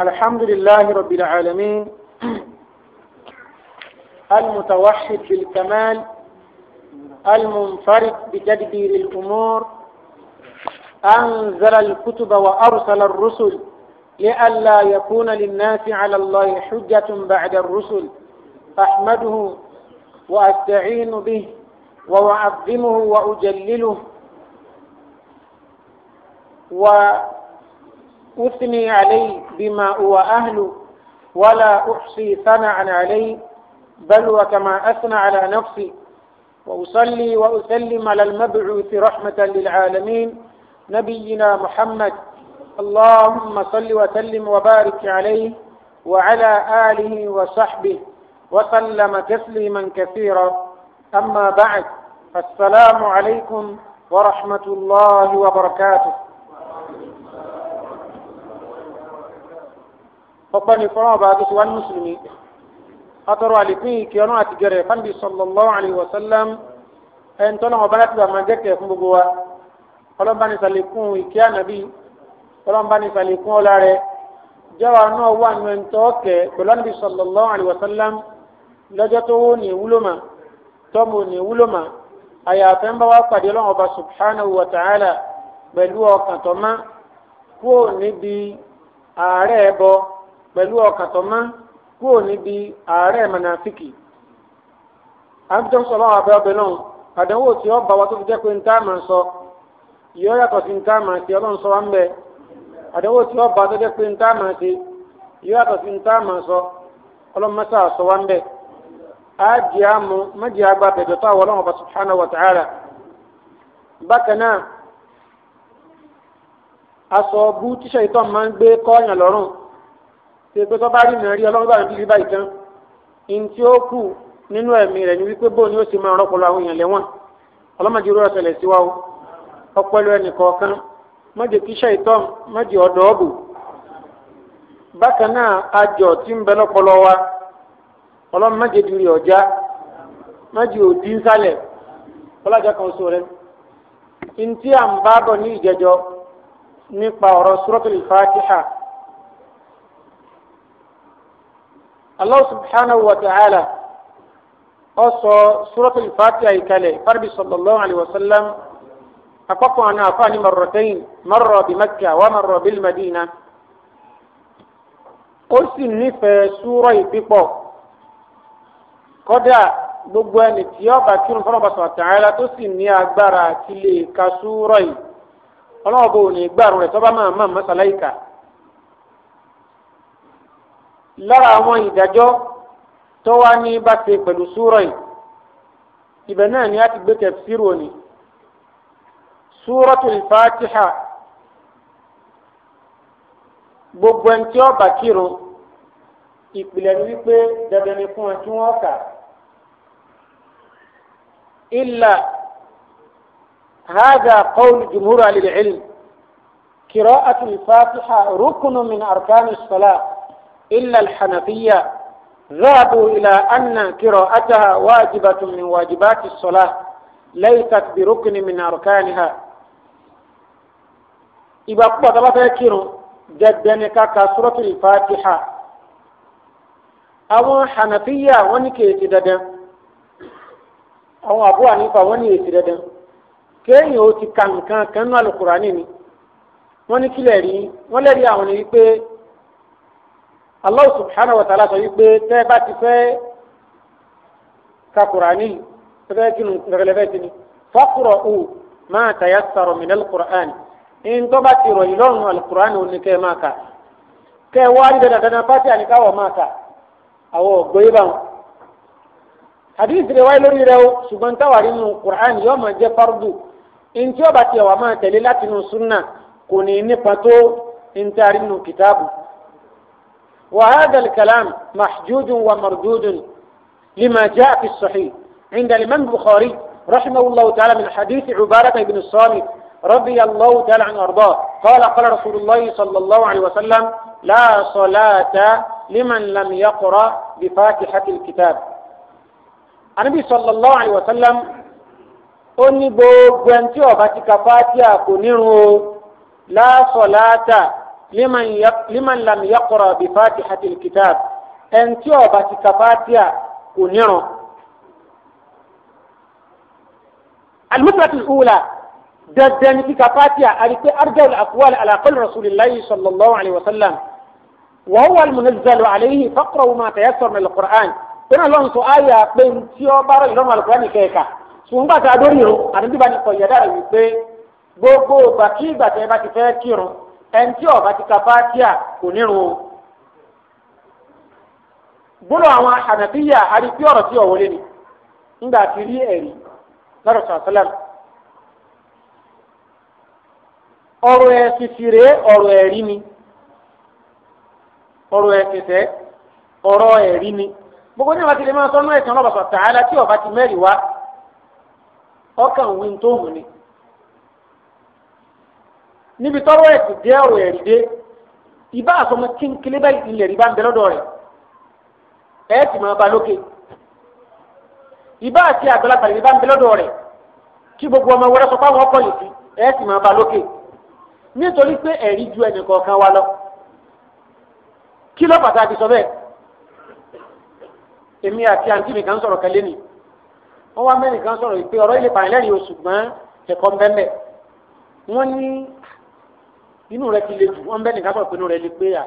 الحمد لله رب العالمين المتوحد بالكمال المنفرد بتدبير الأمور أنزل الكتب وأرسل الرسل لئلا يكون للناس على الله حجة بعد الرسل أحمده وأستعين به وأعظمه وأجلله و أثني عليه بما هو أهله ولا أحصي ثناء عليه بل وكما أثنى على نفسي وأصلي وأسلم على المبعوث رحمة للعالمين نبينا محمد اللهم صل وسلم وبارك عليه وعلى آله وصحبه وسلم تسليما كثيرا أما بعد السلام عليكم ورحمة الله وبركاته ọpẹ́ ní fọlọ́n ọba tó ti wá ní mùsùlùmí atọ́rọ àlékún ìkẹ́ ọ̀nà àti gẹ̀rẹ̀ fáńbì sallallahu alaihi wasallam ẹni tọ́lọ́ ọba láti bàmà jẹ́kẹ̀ fún gbogbo wa ọlọ́ba ní sàlékún ìkẹ́ ànábì ọlọ́ba ní sàlékún ọlá rẹ̀ jẹ́wà náà wà nù ẹni tọ́ kẹ̀ pẹ̀lú ànábì sallallahu alaihi wasallam lọ́jọ́ tó wó ní ìwúlò mà tọ́mù ní ìwúlò mà àyàfẹ́ ń bá wá pàdé ọlọ́run pẹ̀lú ọ̀kàtọ̀mọ́ kúrò níbi ààrẹ mọ̀nàfíkì àbíjọ́ sọ̀rọ̀ àbẹ́ ọbẹ̀ náà àdánwò tí ó bá wa tó fi jẹ́ pé ń tá sọ yàtọ̀ sí ń sí ọlọ́run sọ wá ń bẹ àdánwò tí ó bá tó jẹ́ pé ń sí yàtọ̀ sí ń sọ ọlọ́run mẹ́sà sọ wá ń bẹ àmú àgbà bẹ̀jọ̀ tó àwọn ọlọ́run ọba subhanahu wa ta'ala bákan náà aṣọ ọbú ìtọ́ máa ń pé tó bá rí na rí ọlọ́run bá rí báyìí tán ní tí ó kù nínú ẹ̀mí rẹ̀ ni wípé bóun ni ó sì máa rọ́pọ̀lọ́ àwọn èèyàn lẹ́wọ̀n ọlọ́mọdé irú ọ̀sẹ̀lẹ̀ sí wa o ọpọlọ ẹnì kọ̀ọ̀kan mọ́jẹ kíṣẹ́ ìtọ́ mọ́jẹ ọ̀dọ́ ọ̀bù bákan náà tí ń bẹ wa ọlọ́run ọ̀já òdì ọlọ́jà kan sọ rẹ à ń bá bọ̀ ní ìjẹjọ nípa ọ̀rọ̀ Allah subhanahu wa ta'ala ó sọ suratul fatiha ìkàlẹ̀ farbi sallallahu alayhi wa sallam àkọ́kọ́ àná àfààní marratayn marra bi makka wa marra bil madina ó sì nífẹ̀ẹ́ súrọ̀ ìpípọ̀ kọ́dà gbogbo ẹni tí ọba kírun fọlọ́ba sọ̀rọ̀ tààlà tó sì ní agbára àti lè ka súrọ̀ yìí ọlọ́wọ́ bò ní gbàrún rẹ̀ tọ́ba máa máa mọ́sálá ìkà lára àwọn ìdájọ́ tó wá ní bá ṣe pẹ̀lú súrọ̀ yìí ibẹ̀ náà ni a ti gbé tẹ̀síìrò ni súratul fatiha gbogbo ẹni tí ó bá kírun ìpìlẹ̀ ni wípé dandan ni fún ẹ kí wọ́n kà illa hadha qawl jumhur alil ilm qira'atul fatiha rukunun min arkanis salat. إلا الحنفية ذهبوا إلى أن قراءتها واجبة من واجبات الصلاة ليست بركن من أركانها إذا قبض الله فيكيرو جدنك كسورة الفاتحة àwọn hànàfíyà wọn ní kéèsì dandan àwọn àbúrò ànífà wọn ní èsì dandan kéèyàn ó ti ka nǹkan kan nínú àlùkùránì ni wọn ní kílẹ̀ rí wọn lẹ́rìí àwọn ni wípé Allah subhanahu wa ta'ala sọ wípé tẹ́ bá ti fẹ́ ka Qur'ani tẹ́ kí nìrẹ̀lẹ̀ bẹ́ẹ̀ ti ni faqra'u ma tayassara min al-Qur'an in tó bá ti rọ̀yìn lọ́rùn al-Qur'an òní kẹ́ máa kà kẹ́ wá ní dandan dandan pàṣẹ àníkàwọ̀ máa kà àwọ̀ gbóyè bá wọn. hadith rẹ̀ wáyé lórí rẹ̀ o ṣùgbọ́n táwàrí nù Qur'an yóò máa jẹ́ fardu in tí ó bá ti wà máa tẹ̀lé látinú sunna kò ní nípa tó in taari nù kìtàbù. وهذا الكلام محجود ومردود لما جاء في الصحيح عند الإمام البخاري رحمه الله تعالى من حديث عبارة بن الصامت رضي الله تعالى عنه وارضاه قال قال رسول الله صلى الله عليه وسلم لا صلاة لمن لم يقرأ بفاتحة الكتاب النبي صلى الله عليه وسلم أني ní gbogbo ẹni tí ó bá liman yap liman lam yaqra bi fatihati alkitab ẹn tí ó bá ti ka fatiha kò nírun. almusrati alula dandan ti ka fatiha ari pé arjawul aqwal ala qawli rasulillahi sallallahu alayhi wa sallam wa huwa almunazzalu alayhi faqra'u ma tayassara min alquran bẹ́ẹ̀ lọ́n sọ àyà pé tí ó bá rọ̀ ìlọ́mọ alquran ní kẹ́ẹ̀ka ṣùgbọ́n gbàtà adórí o àdébíbá ni kọ̀ yàrá rẹ̀ wípé gbogbo gbàkígbà tẹ́ bá ti fẹ́ kírun ẹnití ọba ti ka fatia kò nírun o gbọ́dọ̀ àwọn ànàbíyà àríkí ọ̀rọ̀ tí ọ̀wọ́lé ni ńgbà tí rí ẹ̀rí lọ́dọ̀ sàlám ọ̀rọ̀ ẹ̀sìn fìrè ọ̀rọ̀ ẹ̀rí ni ọ̀rọ̀ ẹ̀sìn tẹ́ ọ̀rọ̀ ẹ̀rí ni gbogbo ní lè máa sọ ọba ti mẹ́rìí wá ọkàn wí níbi tọ́rọ̀ ẹ̀ ti dé ọ̀rọ̀ ẹ̀rí dé ìbá àsọmọ kínkínlé báyìí ilẹ̀ rí bá ń bẹ lọ́dọ̀ rẹ̀ ẹ̀ ti máa ba lókè ìbá àti àgbàlagbà rí bá ń bẹ lọ́dọ̀ rẹ̀ kí gbogbo ọmọ wẹrẹ sọ fáwọn ọkọ yìí sí ẹ̀ ti máa ba lókè nítorí pé ẹ̀rí ju ẹnì kọ̀ọ̀kan wa lọ kí ló pàtàkì sọ bẹ́ẹ̀ èmi àti àǹtí mi kan sọ̀rọ̀ kẹlẹ́ wọ́n wá mẹ́rin kan sọ̀rọ̀ ìpè ọ̀rọ̀ ilé pààyàn lẹ́yìn oṣù gbọ́n ẹ̀kọ́ ń bẹ́ẹ̀ wọ́n ní inú rẹ ti le jù wọn bẹ nìkan pọ̀ pé inú rẹ le pé yà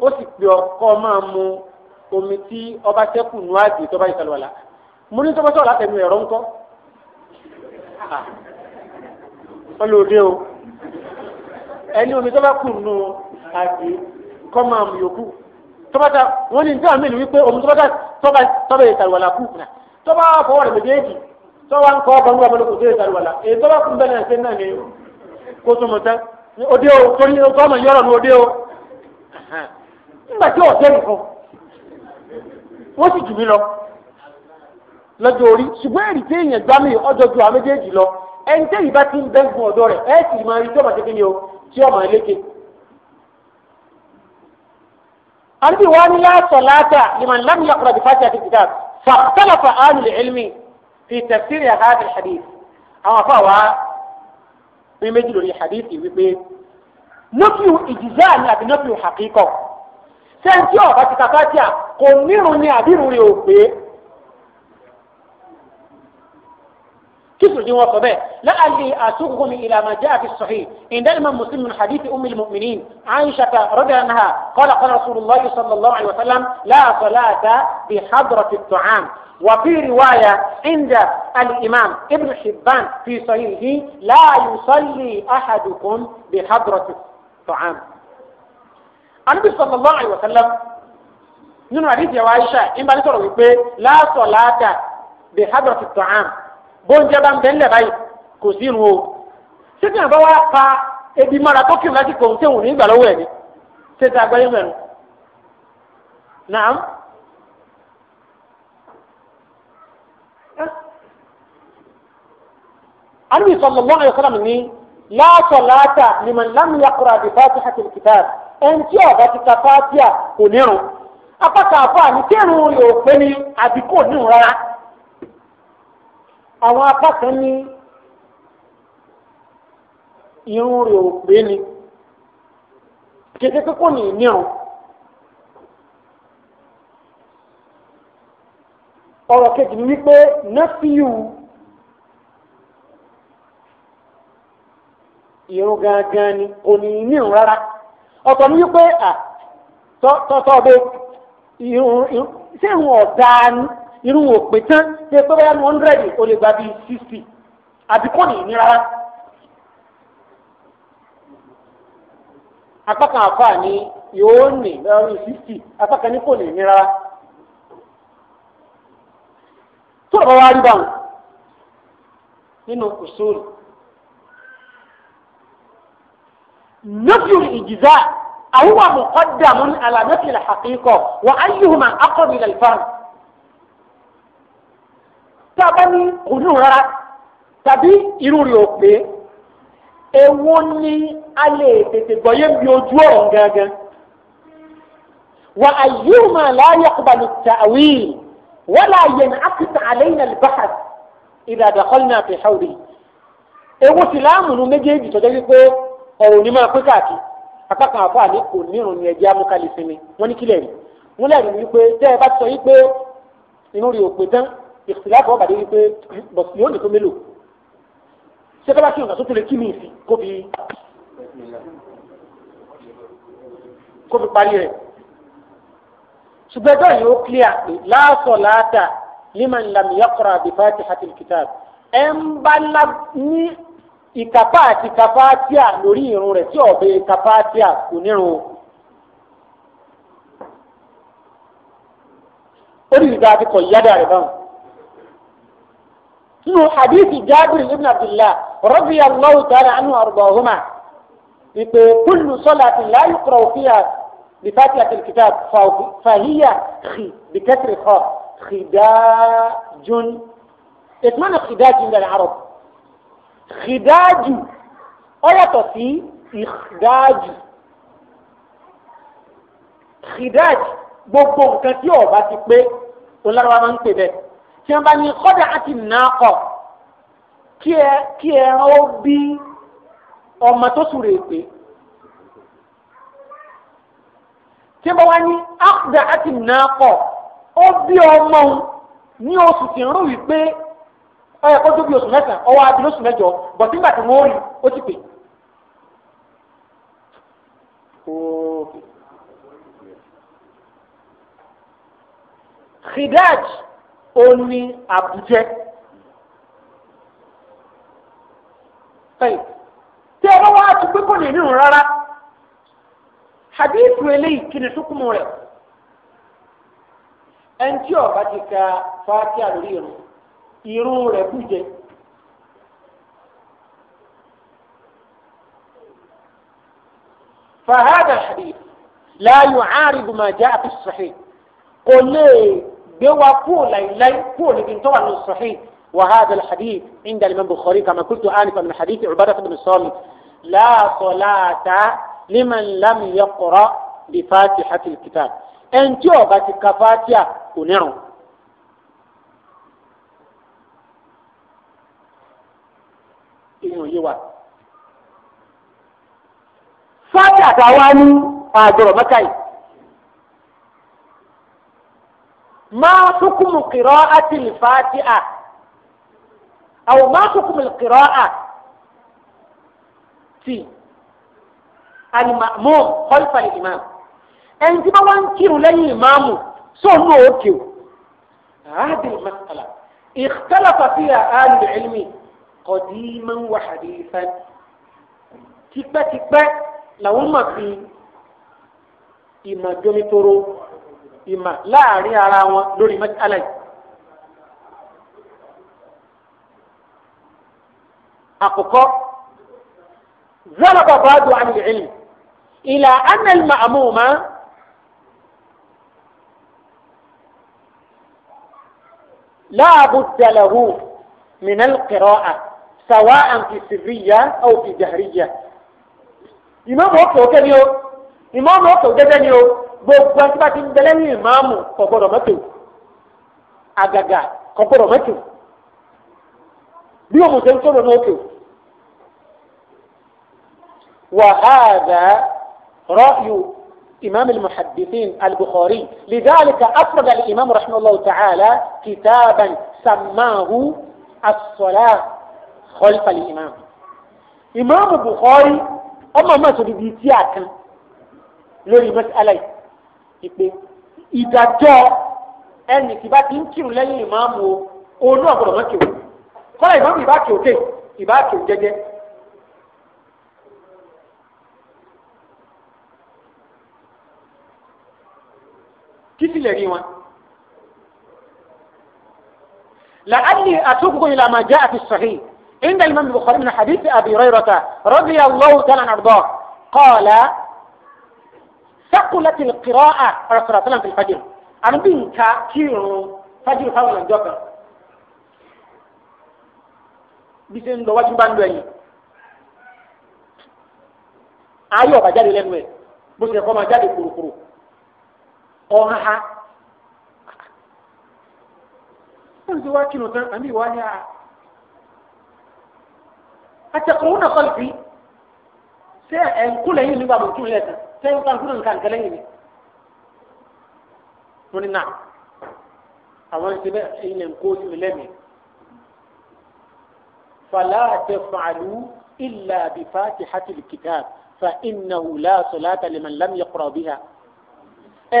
ó sì pè ọkọ máa mu omi tí ọba tẹ́kù nù àgbè tọ́ba ìsàlùwàlà mo ní tọ́ba sọ̀rọ̀ látẹnu ẹ̀rọ ńkọ́ ọlọ́ọ̀dẹ o ẹni omi tọ́ba kù nù àgbè kọ́ máa mu yòókù tọ́ba ta wọ́n ní nítorí àmì wípé omi tọ́ba ta tọ́ba tọ́ba ìsàlùwàlà kù nà tọ́ba fọwọ́ rẹ̀ méjèèjì tọ́ba ń kọ́ ọkọ̀ nígbà mọ́lẹ́kùn tó ìsàlùwàlà èyí tọ́ba kù bẹ́ẹ̀ náà ṣe náà ni kó tó mọ̀ tán òde o torí ọmọ yọrọ ní òde o nígbà tí ọ̀tẹ́ nìkan wọ́n sì jù mí lọ lọ́jọ́ orí ṣùgbọ́n èrì tí èèyàn gbá mi ọjọ́ ju àwọn méjèèjì lọ ẹni tẹ́yìn bá ti ń bẹ́ gun ọ̀dọ́ rẹ̀ ẹ̀ sì máa rí tí ọmọ ṣe kíni o tí ọmọ ẹlẹ́kẹ̀. àbí wọn ní yàtọ̀ láta liman lam yaqra bi fatihati kitab fa ikhtalafa ahlul ilmi fi tafsir hadha al àwọn afọ àwọn pé méjì lórí hadithi wípé nọ́fíù ìjìzá ni àbí nọ́fíù hakíkọ̀ sẹ́ńtì ọ̀bá ti kàkátìà kò nírun ni àbí ìrùn rẹ̀ ò pé. كفر وقباء لعلي أسوقهم إلى ما جاء في الصحيح إن دائما مسلم من حديث أم المؤمنين عائشة رضي عنها قال قال رسول الله صلى الله عليه وسلم لا صلاة بحضرة الطعام وفي رواية عند الإمام ابن حبان في صحيحه لا يصلي أحدكم بحضرة الطعام النبي صلى الله عليه وسلم من àdíjẹ يا عائشة ìbánisọ̀rọ̀ wípé la لا صلاة بحضرة الطعام bóúnjẹ bá ń bẹ ńlẹ̀ báyìí kò sí irun o ebi mara tó kí n láti kò ń ní ìgbà lọ́wọ́ ẹ̀ ni ṣé ti agbáyé mẹ́rin naam anabi sallallahu alayhi wa sallam ni laata laata lam yaqra bi fatihati alkitab ẹnití ọba ti ta kò nírun apá kan àní yóò pé ní àbíkò nírun rárá. àwọn apá kan ní irun rẹ̀ ò pé ni kété kókó ní ìní kejì ni wípé nẹ́fíù irun gangan ni kò ní ìní ọ̀ rárá ni wípé tọ́tọ́ irun irun irú wò pé tán ṣe pé báyà one hundred o lè gba bíi sixty àbí kò ní ní rárá. apá àfa ni yóò ní lọ́rùn sixty apá ní kò ní ní rárá. tó o bá wá rí báwọn nínú kùsùn nọ́fíù ìjìzá àwọn àmọ̀kọ́dàmú alàmẹ́fì làhàkíkọ̀ wà á yíhùn mà ákọ̀bí tá a bá ní kò ní rárá tàbí irú rẹ̀ ò pé èwo ni a lè tètè gbọ́yé bí ojú ọ̀rọ̀ gangan wa ayyuma la yaqbalu ta'wil wala yan'aqid alayna al-bahth idha dakhalna fi hawli èwo sì láàmù nu méjèèjì tó jẹ́ wípé ọ̀rọ̀ ní máa pé káàkiri apá kan àní kò nírun ní ẹjẹ amúkálẹ̀ sinmi wọ́n ní kílẹ̀ rí wọ́n lẹ́rìí wípé tẹ́ ẹ bá sọ wípé inú rí òpè tán ìtìláàbù ọba dé wípé yóò nìkan mélòó ṣé tó bá kí nǹkan tó tó lè kí mi sí kó fi kó fi parí rẹ̀ ṣùgbọ́n ẹjọ́ yìí ó clear láàsọ̀ láàtà liman lam yaqra bi fatihatil kitab ẹ̀ ń bá ní ìkàpá àti kàfáàtíà lórí irun rẹ̀ tí ọ̀bẹ kàfáàtíà kò nírun. ó rí ìgbà àti kọ̀ ìyádà rẹ̀ báwọn nínú hadithi Jabir ibn Abdullah radiyallahu ta'ala anhu arbahuma ìpè kullu salati la yuqra'u fiha bi fatihati al-kitab fahiya xi bi kasri kha khidajun itmana khidajun lil arab khidaju ó yàtọ̀ sí ìdájú khidaj gbogbo nǹkan tí ó ti pé olárúbá máa ń pè bẹ́ẹ̀ tí wọ́n bá ní kọ́dà àti nàákọ̀ kí ẹ kí ẹ ó bí ọmọ tó sùn rèé pé tí wọ́n bá wá ní àkùdà àti nàákọ̀ ó bí ọmọ òun ní oṣù tí ń rò wípé ó yẹ kó tó bí oṣù mẹ́sàn-án ọwọ́ adìrẹ́ oṣù mẹ́jọ sígbà tí wọ́n rí ó ti pè. Khidaj. ó ní tí ẹ bá wá ti pé nínú rárá hadith eléyìí kí ni sókùnmù rẹ̀ ẹni tí ó ti ka irun irun rẹ̀ kù jẹ. فهذا الحديث لا يعارض ما بيوا لي لي لاي بن لكن طبعا الصحيح وهذا الحديث عند الإمام البخاري كما قلت آنفا من حديث عبادة بن الصالح لا صلاة لمن لم يقرأ بفاتحة الكتاب إن يوغتك فاتحة ونعم fati àtàwa فاتحة àgbọ̀rọ̀ mẹ́ka ما حكم قراءة الفاتحة أو ما حكم القراءة في المأموم خلف الإمام أنت ما وانكر للإمام سنو أوكيو هذه المسألة اختلف فيها أهل العلم قديما وحديثا تكبة لو ما في إما جمترو ìmà láàrin ara wọn lórí mẹ́tálẹ̀ yìí. àkọ́kọ́ zalaba bá dùn àmì ilm ila anna al láàbù la budda lahu a sawa qiraah sawa'an fi sirriya aw fi jahriya. ìmọ̀ mọ̀ ọ́kẹ́ ni o ìmọ̀ mọ̀ ọ́kẹ́ gẹ́gẹ́ ni o. gbogbo ẹni bá ti ń bẹ̀lẹ́ ní ìmáàmù kò gbọ́dọ̀ àgàgà kò gbọ́dọ̀ bí òmùtẹ́ ń sọ̀rọ̀ وهذا رأي إمام المحدثين البخاري لذلك أفرد الإمام رحمه الله تعالى كتابا سماه الصلاة خلف الإمام إمام البخاري أما ما تريد يتياك لوري مسألة ìpè ìdájọ́ ẹnì tí bá ti ń kírun lẹ́yìn ìmáàmù o òun náà gbọ́dọ̀ mọ́ kírun kọ́lá ìmáàmù ìbá kí òkè ìbá kí òjẹjẹ. kí sì lè rí wọn. لعلي أتوقع إلى ما جاء في الصحيح عند الإمام البخاري من حديث أبي هريرة رضي الله تعالى عنه قال sakulat alqira'a rasul sallam fil fajr anu bi nka kírun fajr fáwọn ọjọ́ kan bí ṣe ń lọ wájú bá ń lọ ẹ̀yìn ayé ọba jáde lẹ́nu ẹ̀ bó ṣe kọ́ máa jáde kúrukúru ọ̀hán ha wọ́n ti wá kírun tán àmì ìwà ni a àtẹkùn náà kọ́ lùfì ṣé ẹ̀ ń kú lẹ́yìn nígbà mọ̀tún lẹ́sàn sẹ́yìn kankan nǹkan kẹlẹ́ yìí wọ́n ní náà àwọn ẹni tí bẹ́ẹ̀ ẹ̀yin lè kó sí lẹ́mìí fàlà àtẹ̀fàlù ìlà bìfàtì fa innahu la salata liman lam yaqra biha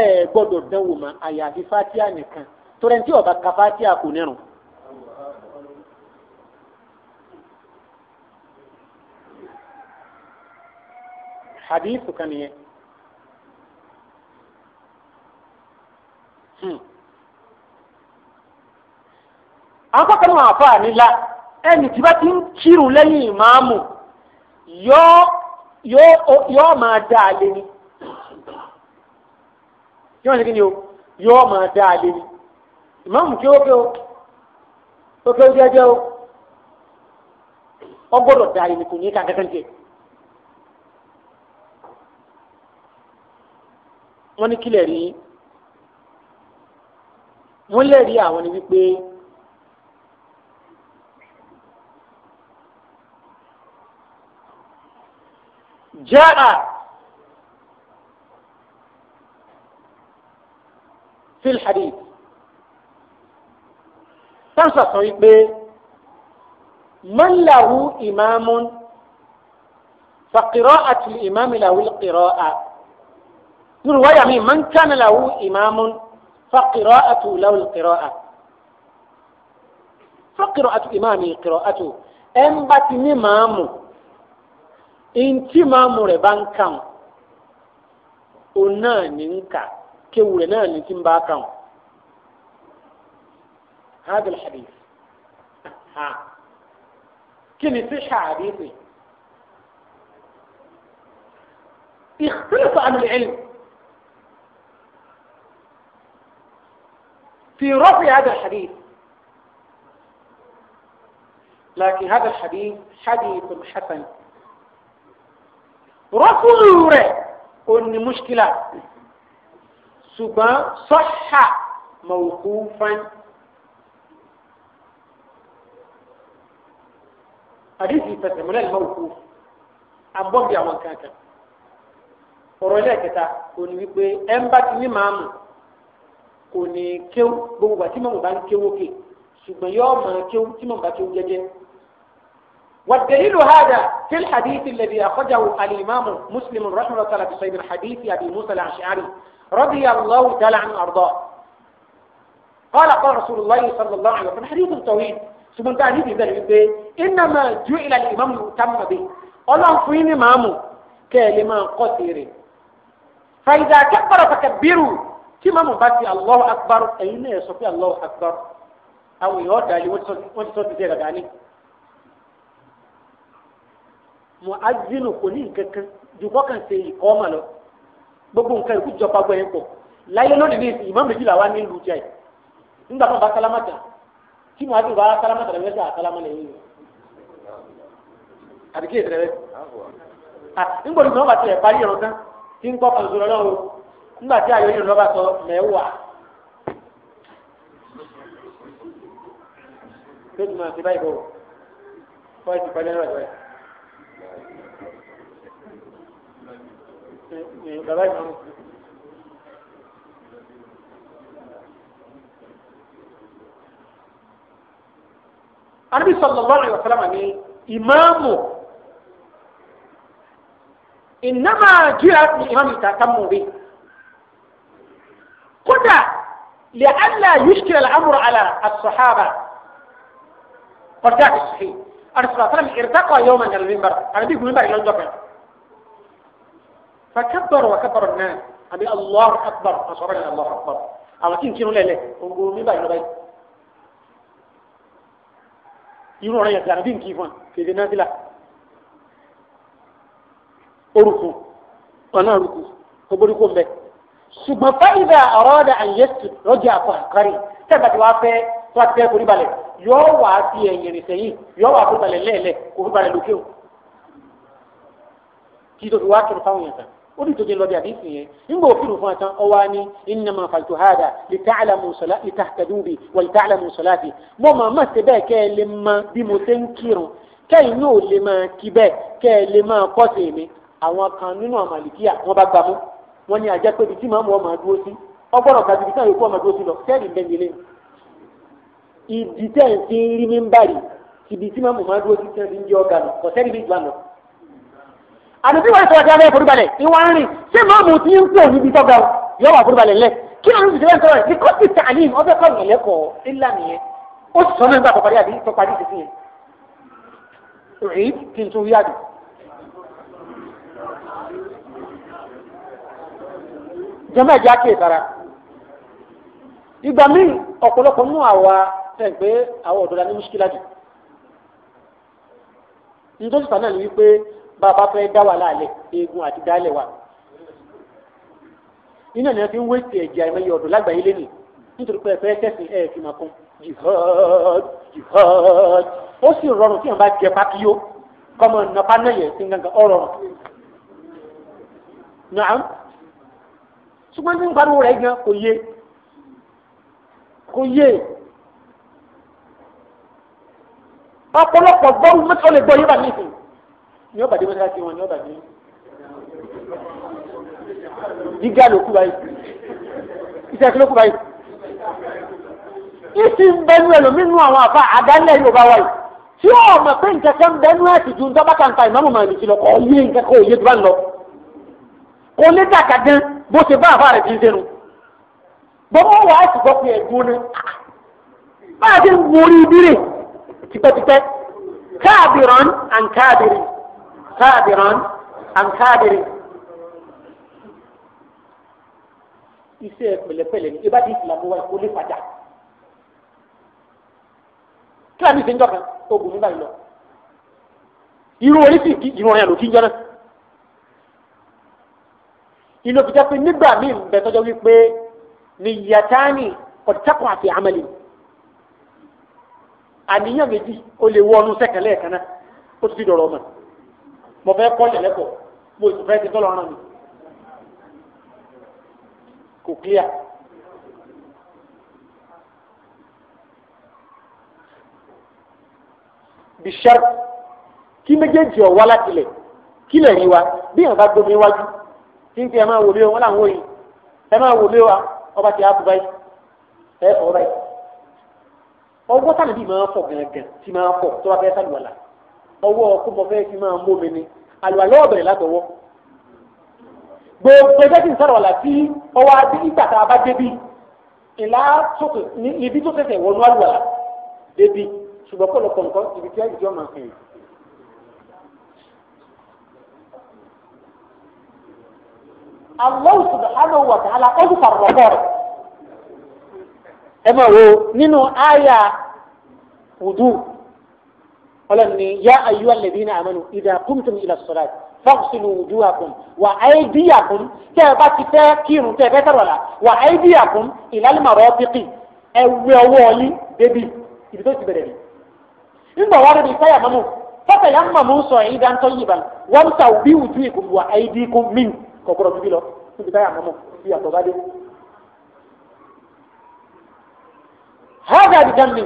ẹ gbọ́dọ̀ dánwò ma àyàfi fatia nìkan torẹ̀ntì ọba ka fatia kò nírun. hadithu kan yẹn. Hmm. àwọn kan náà la àníla ẹni tí bá ti ń kírun lẹ́yìn ìmáàmù yóò máa dá a lé o yóò máa dá a lé ní ìmáàmù kí ó kí o ó kí o jẹ́jẹ́ dá a kò ní ká wọ́n lè rí àwọn ni wípé jaa fil hadith sáǹsà sọ wípé man lahu imamun fa qira'atul imami lahu al-qira'a nínú wáyà mi man kana lahu imamun. فقراءته له القراءة فقراءة إمامه قراءته ẹn bá ti ní màámu ntí màámu rẹ̀ bá ń kàn òun náà ní ń kà kéwù rẹ̀ náà ní ti ń bá kàn هذا الحديث ها kí ni sísá àdìsí اختلف عن العلم. في رفع هذا الحديث لكن هذا الحديث حديث حسن رفع رأي أن مشكلة سبحان صح موقوفا حديث فتمنى الموقوف عن بمبي عوان مكانك، ورولي كتا ونبي أمبات ممامو kò ní gbogbo àti mọ̀mọ́ bá ń kéwú kè ṣùgbọ́n yóò mọ̀ kéwú tí bá kéwú jẹ́jẹ́. والدليل هذا في الحديث الذي أخرجه الإمام مسلم رحمه الله تعالى في صحيح الحديث أبي موسى الأشعري رضي الله تعالى عنه أرضاه قال قال رسول الله صلى الله عليه وسلم حديث طويل ثم تعالى إنما جعل الإمام يتم به ọlọ́run fún yín كلمة màámu فإذا كبر فكبروا rè tí màmú bá ti Allahu Akbar ẹ̀yin náà sọ pé Allahu Akbar àwọn èèyàn ọ̀dà yìí wọ́n ti sọ ti dé gàgà ní. mu'azzinu kò ní nǹkan kan ju kọ́kàn ṣe ìkọ́ ọmọ lọ gbogbo nǹkan ìkú jọba gbọ́ yẹn pọ̀ láyé lónìí ní ìsìn ìmọ̀ méjìlá wa ní ìlú jẹ́ nígbà tó bá sálámà tà tí mu'azzinu bá sálámà tà sí àsálámà lẹ́yìn rẹ̀ àdìgí ìtẹ̀rẹ̀ rẹ̀ nígbà tó bá tilẹ̀ parí ìrọ̀ nígbà tí àyè yìí lọ́ba sọ mẹ́wàá tó tún máa ti báyìí bò wọ́n ti pẹ́lẹ́ lọ́jọ́ yìí. bàbá ìmọ̀ anabi sallallahu alayhi wa sallam ni imaamu inama jira ni imaamu ta kan mu كنا لئلا يشكل الأمر على الصحابة وارجع الصحيح الرسول صلى الله عليه وسلم ارتقى يوما على المنبر انا بيقول المنبر إلى الجبل فكبر وكبر الناس أبي الله أكبر أصحابنا الله أكبر على كين كينو ليه ونقول منبر إلى بيت يقولون رأيك يعني بين كيفون في ذي نازلة أركو أنا أركو أبركم بيه ṣùgbọ́n fáìdà ọ̀rọ̀dà àyẹ̀sì lọ́jà àkọ́kọ́rì tẹ́gbà tí wàá fẹ́ tó a ti fẹ́ forí balẹ̀ yóò wà á fi ẹ̀yìn rìn sẹ́yìn yóò wà á forí balẹ̀ lẹ́ẹ̀lẹ́ kò forí balẹ̀ lókè o kí tó fi wá kiri fáwọn yẹn tán ó ní ìtòjì lọ́jà àbí ìsìn yẹn nígbà òfin òfin àtàn ọwọ́ ni innama máa má ṣe bẹ́ẹ̀ kẹ́ ẹ wọ́n ní ajá pé ibi tí màmú ọmọ àdúró sí ọgbọ́dọ̀ kájú ibi tí àyòkú ọmọ àdúró sí lọ sẹ́ẹ̀lì bẹ́ńgẹ́lẹ́ ìdí tẹ̀ ń fi rí mi ń bàrí ibi tí màmú ọmọ àdúró sí sẹ́ẹ̀lì ń jẹ́ ọ̀gá lọ kọ̀ sẹ́ẹ̀lì bí ìgbà lọ. àti tí wọ́n sọ ọjà bẹ́ẹ̀ forúbalẹ̀ ìwà ń rìn ṣé màmú ti ń pè níbi tọ́gbà yọ wà forúbalẹ̀ lẹ̀ kí ló ń fi ṣẹlẹ̀ sọ̀rọ̀ ní kọ́sì tàlín ọbẹ̀ kọ́ ìlẹ́kọ̀ọ́ ńlá nìyẹn ó sì sọ mẹ́gbà tọparí àbí jọmọ ẹjẹ á kéè sára ìgbà míì ọ̀pọ̀lọpọ̀ nínú àwa ẹ̀ pé àwọn ọ̀dọ́ la ní mùsùlùmí jù nítorí sànà ni wípé bàbá fẹ́ dá wà láàlẹ̀ eegun àti dálẹ̀ wa nínú ẹ̀nà fi ń wéṣẹ̀ ẹ̀jẹ̀ àìmọye ọ̀dọ́ lágbàáyé lẹ́nu nítorí pé ẹ̀fẹ́ tẹ̀sìn ẹ̀ fi máa kún jihad jihad ó sì rọrùn tí wọn bá jẹ pákíyó kọ́mọ nàpá náà yẹ sí gangan ọ̀rọ̀ nàám ṣùgbọ́n tí ń pariwo rẹ̀ gan kò yé kò yé ọ̀pọ̀lọpọ̀ gbọ́rù mẹ́tọ́ lè gbọ́ yóò nísìn ni ó bàdé mẹ́tọ́ wọn ni ó bàdé gíga ló kú báyìí iṣẹ́ kí ló kú báyìí ìsì ń bẹnu ẹlòmínú àwọn àfa àdálẹ̀ yóò bá wáyé tí ó mọ̀ pé nǹkan kan bẹnu ẹ̀ sì ju ń tọ́ bá kàǹkà ìmọ̀mù màmì sí lọ kọ́ yé nǹkan òye tó bá ń lọ kò lè dàkà bó ti bá àfa rẹ̀ ti ń sẹ́nu gbogbo wa á sì gbọ́ pé ẹ̀gbọ́n ni bá a ti ń wọrí bírè tipẹ́tipẹ́ káàbìrán àǹkáàbìrì káàbìrán àǹkáàbìrì. iṣẹ́ pẹ̀lẹ́pẹ̀lẹ́ ni ìbá di ìsìlámù wa ìkólé padà kíláàmù ìsèǹjọ kan ogun nígbà yìí lọ irú orí sì kí ìrún ọ̀yàn ló kí ń jọ náà ìlú fi jẹ́ pé nígbà míì ń bẹ tọ́jọ́ wípé nìyàtánì ọ̀dùtàkùn àti àmàlì àníyàn méjì ó lè wọ ọdún sẹ́kẹ̀lẹ́ ẹ̀kan náà ó ti fi dọ̀rọ̀ ọmọ mo fẹ́ kọ́ ìyẹn lẹ́kọ̀ọ́ mo sì fẹ́ ti tọ́lọ̀ ọ̀ràn mi kò clear. bishar kí méjèèjì ọ̀ wá látilẹ̀ kí lè rí bí èèyàn gbomi wájú tí ń pè ẹ máa wò lé o wọn là ń wò yìí ẹ máa wò lé o ọba ti àbúrò báyìí ẹ ọ̀rọ̀ báyìí ọwọ́ tàbí máa fọ̀ gàngàn tí máa fọ̀ tó bá fẹ́ sálùwàlà ọwọ́ ọkùnbọ̀ fẹ́ fi máa mú omi ni àlùwàlà ọ̀bẹ̀rẹ̀ látọwọ́ gbogbo ẹgbẹ́ tí ń sálùwàlà tí ọwọ́ adé nígbà tá a bá débi ìlà sókè níbi tó tẹ̀sẹ̀ wọnú àlùwàlà débi ṣùgbọ́n pọ̀lọpọ̀ nǹkan ibi tí ẹ̀jọ́ máa hàn yìí. Allah subhanahu wa ta'ala ọdún fàrọ̀kọ̀ rẹ̀. ẹ máa wo nínú àyà wudu ọlọ́ni yá ayú alẹ́bí náà amanu ìdá kúmtùm ila salat fọ́ọ̀sìlù wujuhakum wà aydiyakum tẹ́ ẹ bá ti fẹ́ kírun tẹ́ ẹ fẹ́ sọ̀rọ̀ la wà aydiyakum ila al-marafiqi ẹ wẹ ọwọ́ ọlí débi ibi tó ti bẹ̀rẹ̀ rí. nígbà wàá rẹ̀ bí sáyà mọ́mú fọ́tẹ̀ yà kọ̀kọ́rọ̀ bíbí lọ níbi táyà mọ́mọ́ bí àtọ̀ bá dé. hada bidanbi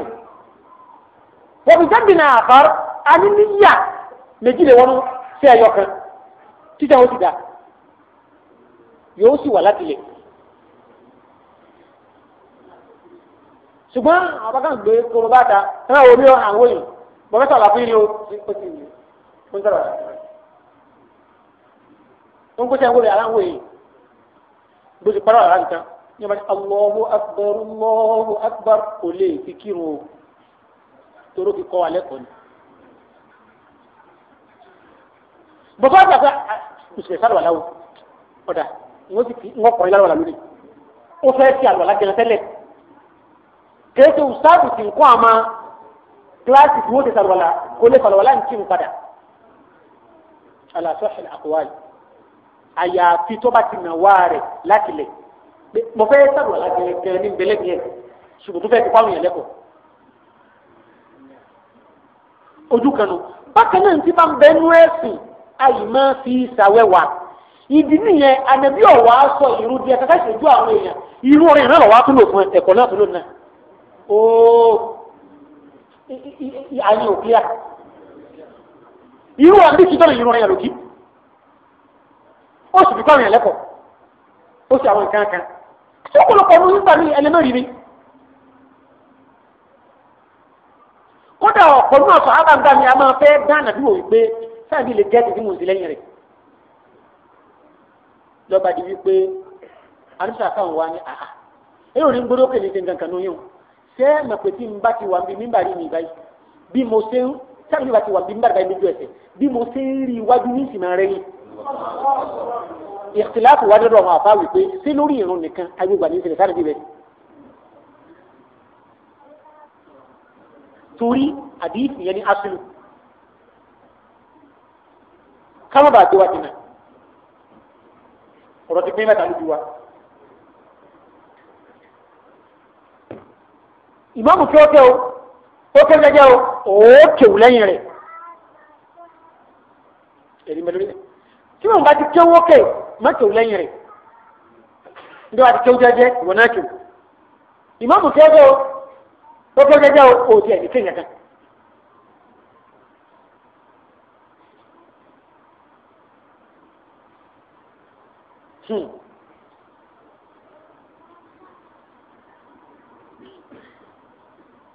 wọ bidanbi náà àfar ani níyà méjì lè wọnú sí ẹyọ kan títà ó ti dà yóò sì wà láti lè. ṣùgbọ́n àwọn kan gbé koro bá ta ẹ máa wo bí àwọn òyìn bọ́mẹ́sà làbí ni ó ti ń sọ̀rọ̀ wọn kó sẹ́yìn wọlé aláwọ̀ yìí bó ti parọ́ àrà nìkan ní ọba ní Allahu akbar Allahu akbar kò lè fi kírun o toró fi kọ́ alẹ́ kọ́ ni. bọ́kọ́ àgbàgbà mùsùlùmí sálọ̀ aláwọ̀ ọ̀dà wọ́n ti fi wọ́n kọ̀rin lálọ́ lónìí ó fẹ́ ti àlọ́ alájẹ tẹ́lẹ̀ kéèké ustaadu ti ń kọ́ àmà kíláàsì tí wọ́n ti sàlọ̀ wàlà kó lè wàlà ń kírun padà. alasọ́ọ̀ṣẹ̀ àkọ́wáyìí àyàfi tó bá ti nà wá rẹ̀ láti lẹ̀ mo fẹ́ sàrò alágẹ̀ẹ́gẹ́ ní nbẹ̀lẹ̀ mi ẹ̀ ṣùgbọ́n tó fẹ́ fi pàwọn yẹn lẹ́kọ̀ọ́ ojú kan nù bákan náà ti bá ń bẹ nú ẹ̀sìn àyè máa fi ṣàwẹ́wà ìdí nìyẹn ànàbí ọ̀wá sọ ìrú díẹ̀ kàkà ìṣèjú àwọn èèyàn irú orin náà lọ́wọ́ tó lò fún ẹ̀kọ́ náà tó lò náà ooo àyè òkè à irú àbí kìtọ́ ìrú orin yàrá òkè ó sì fi kọ́ àwọn èèyàn lẹ́kọ̀ọ́ ó sì àwọn nǹkan kan tó kọlọpọ̀ ọdún nígbà mí ẹlẹ́mẹ́rin ni kódà ọ̀pọ̀ náà sọ ábàǹgbà mi a máa fẹ́ dáná bí wò wípé sáà bí lè gẹ́ẹ̀tì tí mo sì lẹ́yìn rẹ̀ lọ́ba di wípé alisa kan wa ni aa e yoo ni gbọdọ kele ti nkankan n'o ye o sẹ mẹpẹti n ba ti wa bi min b'a di nin ba ye bi mo se sani ba ti wa bi min b'a di ba ye mi jọ ẹsẹ bi mo se ri wájú ni sima rẹ ye ìtìláàfù wa dọ́dọ̀ àwọn àfa wípé sí lórí ìrun nìkan agbègbè àti ìṣẹ̀lẹ̀ sáré bíbẹ̀. torí àdìsí yẹn ní asulu káwọn bá tiwa tì náà ọ̀rọ̀ ti pín mẹ́ta lójú wa. ìmáàmù tí ó tẹ́ o ó tẹ́ jẹ́jẹ́ o ó kéwù lẹ́yìn rẹ̀. ẹ̀rí mẹ́lórí tí wọn bá ti kéwó kè mẹtò lẹ́yìn rẹ̀ ndé wa ti kéwó jẹjẹ wọn náà kéwó ìmáàmù kéwó o kéwó jẹjẹ o ò tiẹ̀ ní kéwó kan. Hmm.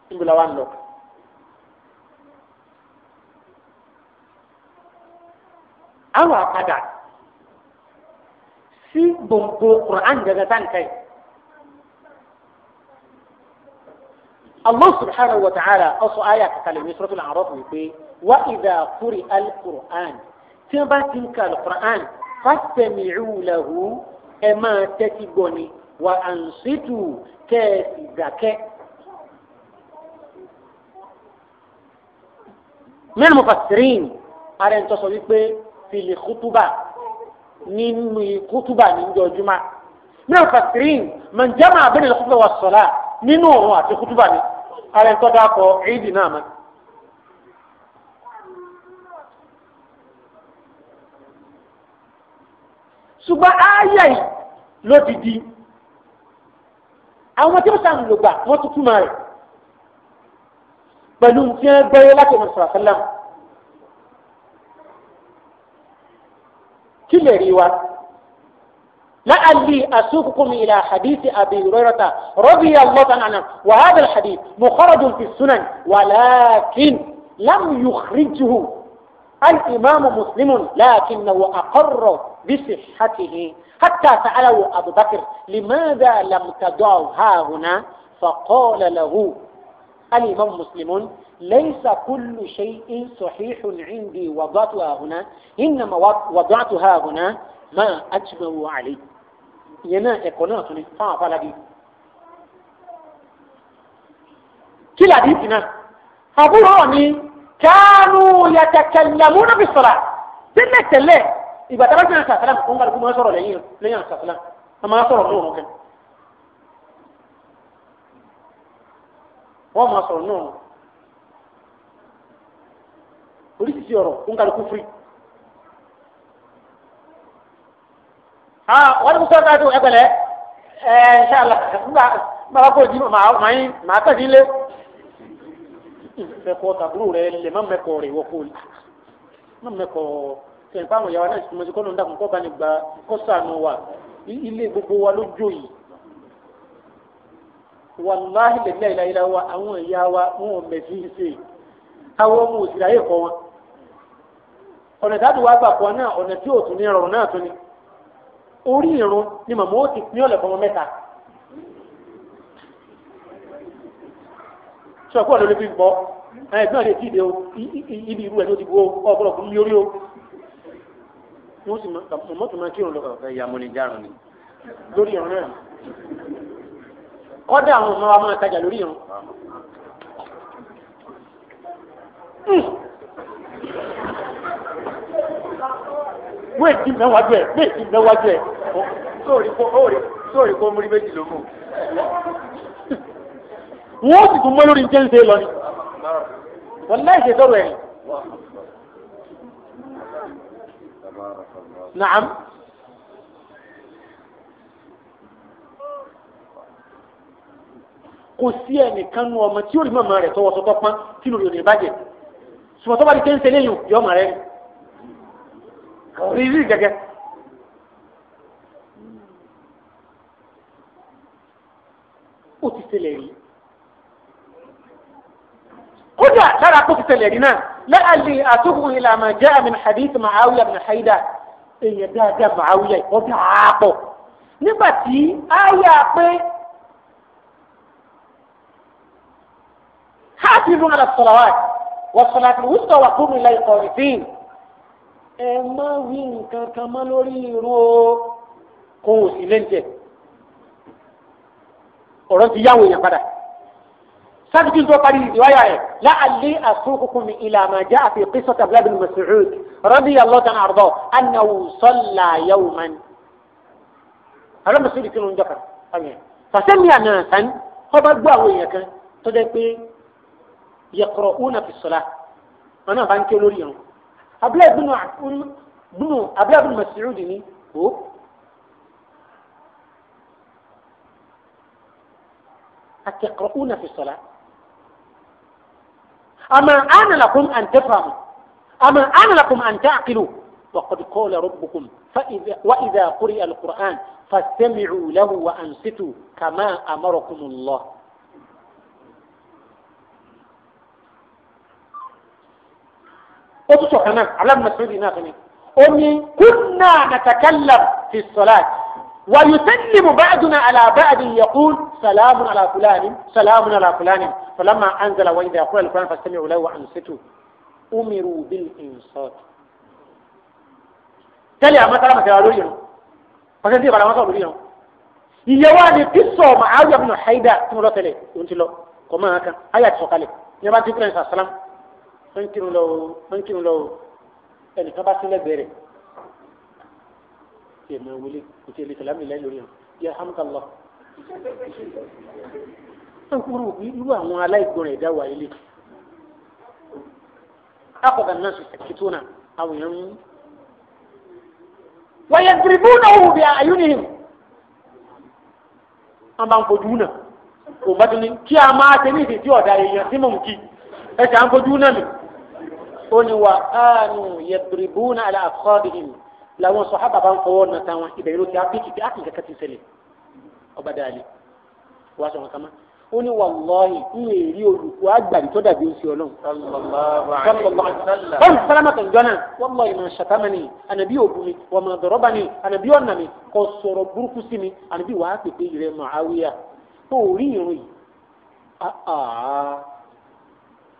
Ibu lawan dok. àwọn àpadà sí gbòǹgbò Qur'an gẹ́gẹ́ tá nǹkan yìí. Allah subhanahu wa ta'ala ọsọ ayé àkàkàlẹ̀ ní suratul A'raf wípé wa idha quri'a al-Qur'an tí wọ́n bá ka al-Qur'an fastami'u lahu ẹ̀ máa tẹ́tí gbọ́ wa ansitu kẹ́ẹ̀sì dákẹ́. min mufassirin ara ń tọ́sọ wípé fili kutuba nínú kutuba níjọ́ juma mẹ́rin fasirin mọ̀ njẹ́mọ̀ abẹ́rẹ́ lọ́kùnrin wa sọ̀la nínú òun àti kutuba ni ara ẹ̀ tọ́jú akọ ẹ̀yìn dì náà mọ́. ṣùgbọ́n ayé yìí ló ti di tí wọ́n sàn lògbà wọ́n tuntun mọ́ rẹ̀ pẹ̀lú tí wọ́n gbẹ́yẹ láti ọmọ sọ̀rọ̀ sọ́lá. تلريوا لعلي أسوقكم إلى حديث أبي هريرة رضي الله عنه وهذا الحديث مخرج في السنن ولكن لم يخرجه الإمام مسلم لكنه أقر بصحته حتى سأله أبو بكر لماذا لم تدعه ها هنا فقال له الإمام مسلم ليس كل شيء صحيح عندي وضعتها هنا إنما وضعتها هنا ما أجمع عليه ينا إقناة آه، نفاق لدي كلا ديتنا أبو هوني كانوا يتكلمون بالصلاة بالنسبة تلاه إذا تبجنا سلام أمبر كما ما صار لين لين سلام أما يصروا نوم wọ́n máa sọ̀rọ̀ náà oríṣiríṣi ọ̀rọ̀ ń kálukú firi. Ah, wọ́n ní kó sọ́ọ́ káàdùn ẹgbẹ̀lẹ́ ẹ̀ ṣáàlà nígbà bàbá kò jí màá yín màá tẹ̀sí lé. mẹ́kọ̀ọ́ tàbúrò rẹ lè má mẹ́kọ̀ọ́ rẹ̀ wọ́pọ̀ lè má mẹ́kọ̀ọ́ tẹ̀síwájú ìyàwó náà ìsúnmọ́sí kọ́ ló ń dàkún kọ́ bá ní gba kọ́sà náà wà ilé gbogbo wa lójó yìí. wàláhì wa àwọn ìyá wa wọn ò mẹ̀sí ṣe ọ̀nà wa gbà náà ọ̀nà tí tún ní rọrùn náà tún ni orí ìrun ni màmá ó ti pín ọ̀lẹ̀ fọmọ mẹ́ta fi o ibi ẹ̀ ti ọ̀pọ̀lọpọ̀ fún mi orí o wọ́n sì mọ̀ tó máa kírun ọdẹ àwọn ọmọ wa máa tajà lórí irun. Hmm. wọ́n èdè mẹ́wàá jẹ́ wọ́n èdè mẹ́wàá jẹ́ sóòrì kó múrí méjì ló wọ́n sì tún mọ́ lórí jẹ́ ń ṣe lọ ni wọ́n láì ṣe sọ̀rọ̀ ẹ̀. kò sí ẹnìkan nu ọmọ tí ó rí mọ̀mọ́ rẹ̀ tọwọ́ sọ́tọ́ pọ́n tí lórí òní bàjẹ́ ṣùgbọ́n tó bá di pé ń ṣe léyìn yọ ọmọ rẹ̀ rí rí gẹ́gẹ́. ó ti ṣẹlẹ̀ rí kódà lára kó ti ṣẹlẹ̀ rí náà láàlì àtúkù ìlànà jẹ́ àmì hadith ma'awiya bin haida èèyàn dáadáa ma'awiya ìkọ́ dáa pọ̀ nígbà tí a pé. حافظوا على الصلوات والصلاة الوسطى وقوموا إليه قانتين ẹ má wí nǹkan kan mọ́ lórí irú o kò sí lẹ́ńtẹ̀ ọ̀rọ̀ ti yáwó èèyàn padà sábìtì tó parí ìwáyà ẹ̀ láàlẹ́ àsókùnkùn mi ilà àmà jẹ́ àfi qissat Abdullah bin Mas'ud radiyallahu ta'ala anhu annahu salla yawman. àrùn mùsùlùmí kí ló ń jọ kan fàṣẹ́ mi àná sàn ọba gbọ́ àwọn èèyàn kan tó jẹ́ pé يقرؤون في الصلاة أنا فانك لوريان أبلا بن بن أبلا بن مسعود هو أتقرؤون في الصلاة أما أنا لكم أن تفهموا أما أنا لكم أن تعقلوا وقد قال ربكم فإذا وإذا قرئ القرآن فاستمعوا له وأنصتوا كما أمركم الله ó tún sọ̀kan náà alámọ̀sọ́dì náà fún mi ó ní kúnnà nàtàkàlà fi sọ̀láàt wàyù sẹ́ni mu báàdùnà àlàbáàdì yaqul sàlámù àlàfúlàní sàlámù àlàfúlàní fọlámà ànzàlà wáyé dà kúrẹ́ lùkúrẹ́ fàṣẹ́mi òlẹ́ wà ànṣẹ́tù umiru bil insọ́t. tẹ́lẹ̀ àmọ́ sálámà sẹ́wà lórí yẹn pàṣẹ tí ìbára wọn sọ̀rọ̀ lórí yẹn ìyẹ wa ni písọ̀ màá yọ̀ nù haida tí mo lọ tẹ̀lé òun ti lọ kọ̀ máa kan ayé àti sọ̀kalẹ̀ ní ń kírun lọ o ń kírun lọ o ẹnìkan bá sílẹ̀ bẹ̀rẹ̀ tiẹ̀ máa wọlé kò tiẹ̀ lè sàlámì láì lórí hàn yẹ hàmkàlá ń kúrò irú àwọn aláìgbọràn ẹ̀dá wà ilé akọ̀gà náà sùn kìtó náà àwọn èèyàn ń wọ́n yẹ náà wù bí àyùnìyìn wọ́n bá ń fojú náà kò bá tún kí a máa ṣe ní ìdí tí ọ̀dà èèyàn sí mọ̀ kí ẹ̀ṣẹ̀ à ń fojú náà mi ó ní wà áànù yẹ̀bìrìbùnà àlẹ́ àkọ́bìnrin làwọn sọ̀hábà bá ń fọwọ́ nà táwọn ibẹ̀ yóò ti apíkì pé ákìkà kan ti ṣẹlẹ̀ ọba dàlí wàá sọ̀rọ̀ kama ó ní wàlọ́ọ̀hì ń lè rí olùkọ́ àgbàdì tó dàbí oṣù ọlọ́run. bọ́ọ̀lù sálámàtàn jọ́nà wàlọ́ọ̀hì máa ṣàtàmà ni ànàbí òbu mi wà máa dọ̀rọ̀bà ni ànàbí ọ̀nà mi kò sọ̀rọ̀ burúkú sí mi ànàbí wàá pèpè rẹ̀ Muawiya tó rí ìrùn yìí.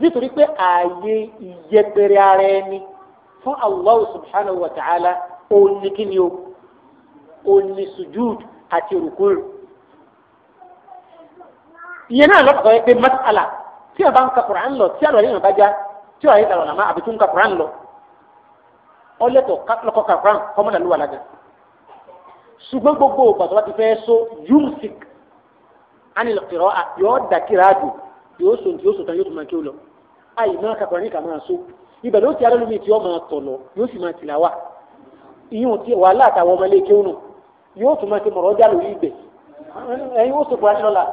nítorí pé ààyè ìyẹpẹrẹ ara ẹni fún Allah subhanahu wa ta'ala òní kíni o òní sujúd àti rukúrù ìyẹn náà lọ́kọ̀ọ́ yẹ pé mas'ala tí a bá ń ka Qur'an lọ tí a lọ yẹn bá já tí a yẹ dàrọ̀ nàmá àbí tó ń ka Qur'an lọ ọlẹ́tọ̀ lọ́kọ̀ ka Qur'an kọ́mọ́nà ló wà lága ṣùgbọ́n gbogbo ògbà tó bá ti fẹ́ so yumsik anil yọ̀ọ́ dàkírà dùn yóò sùn tí yóò sùn tán yóò tún máa kí ó lọ àyè máa kakọrọ ní kà máa so ibẹ̀ ló ti alólùmí tí ó máa tọ̀ lọ yóò sì máa tìlà wà ìyún tí wàhálà àtàwọn ọmọ ilé kéwù nù yóò tún máa ti mọ̀rọ̀ ọjà lórí ibẹ̀ ẹ̀yin ó sòkò aṣọ la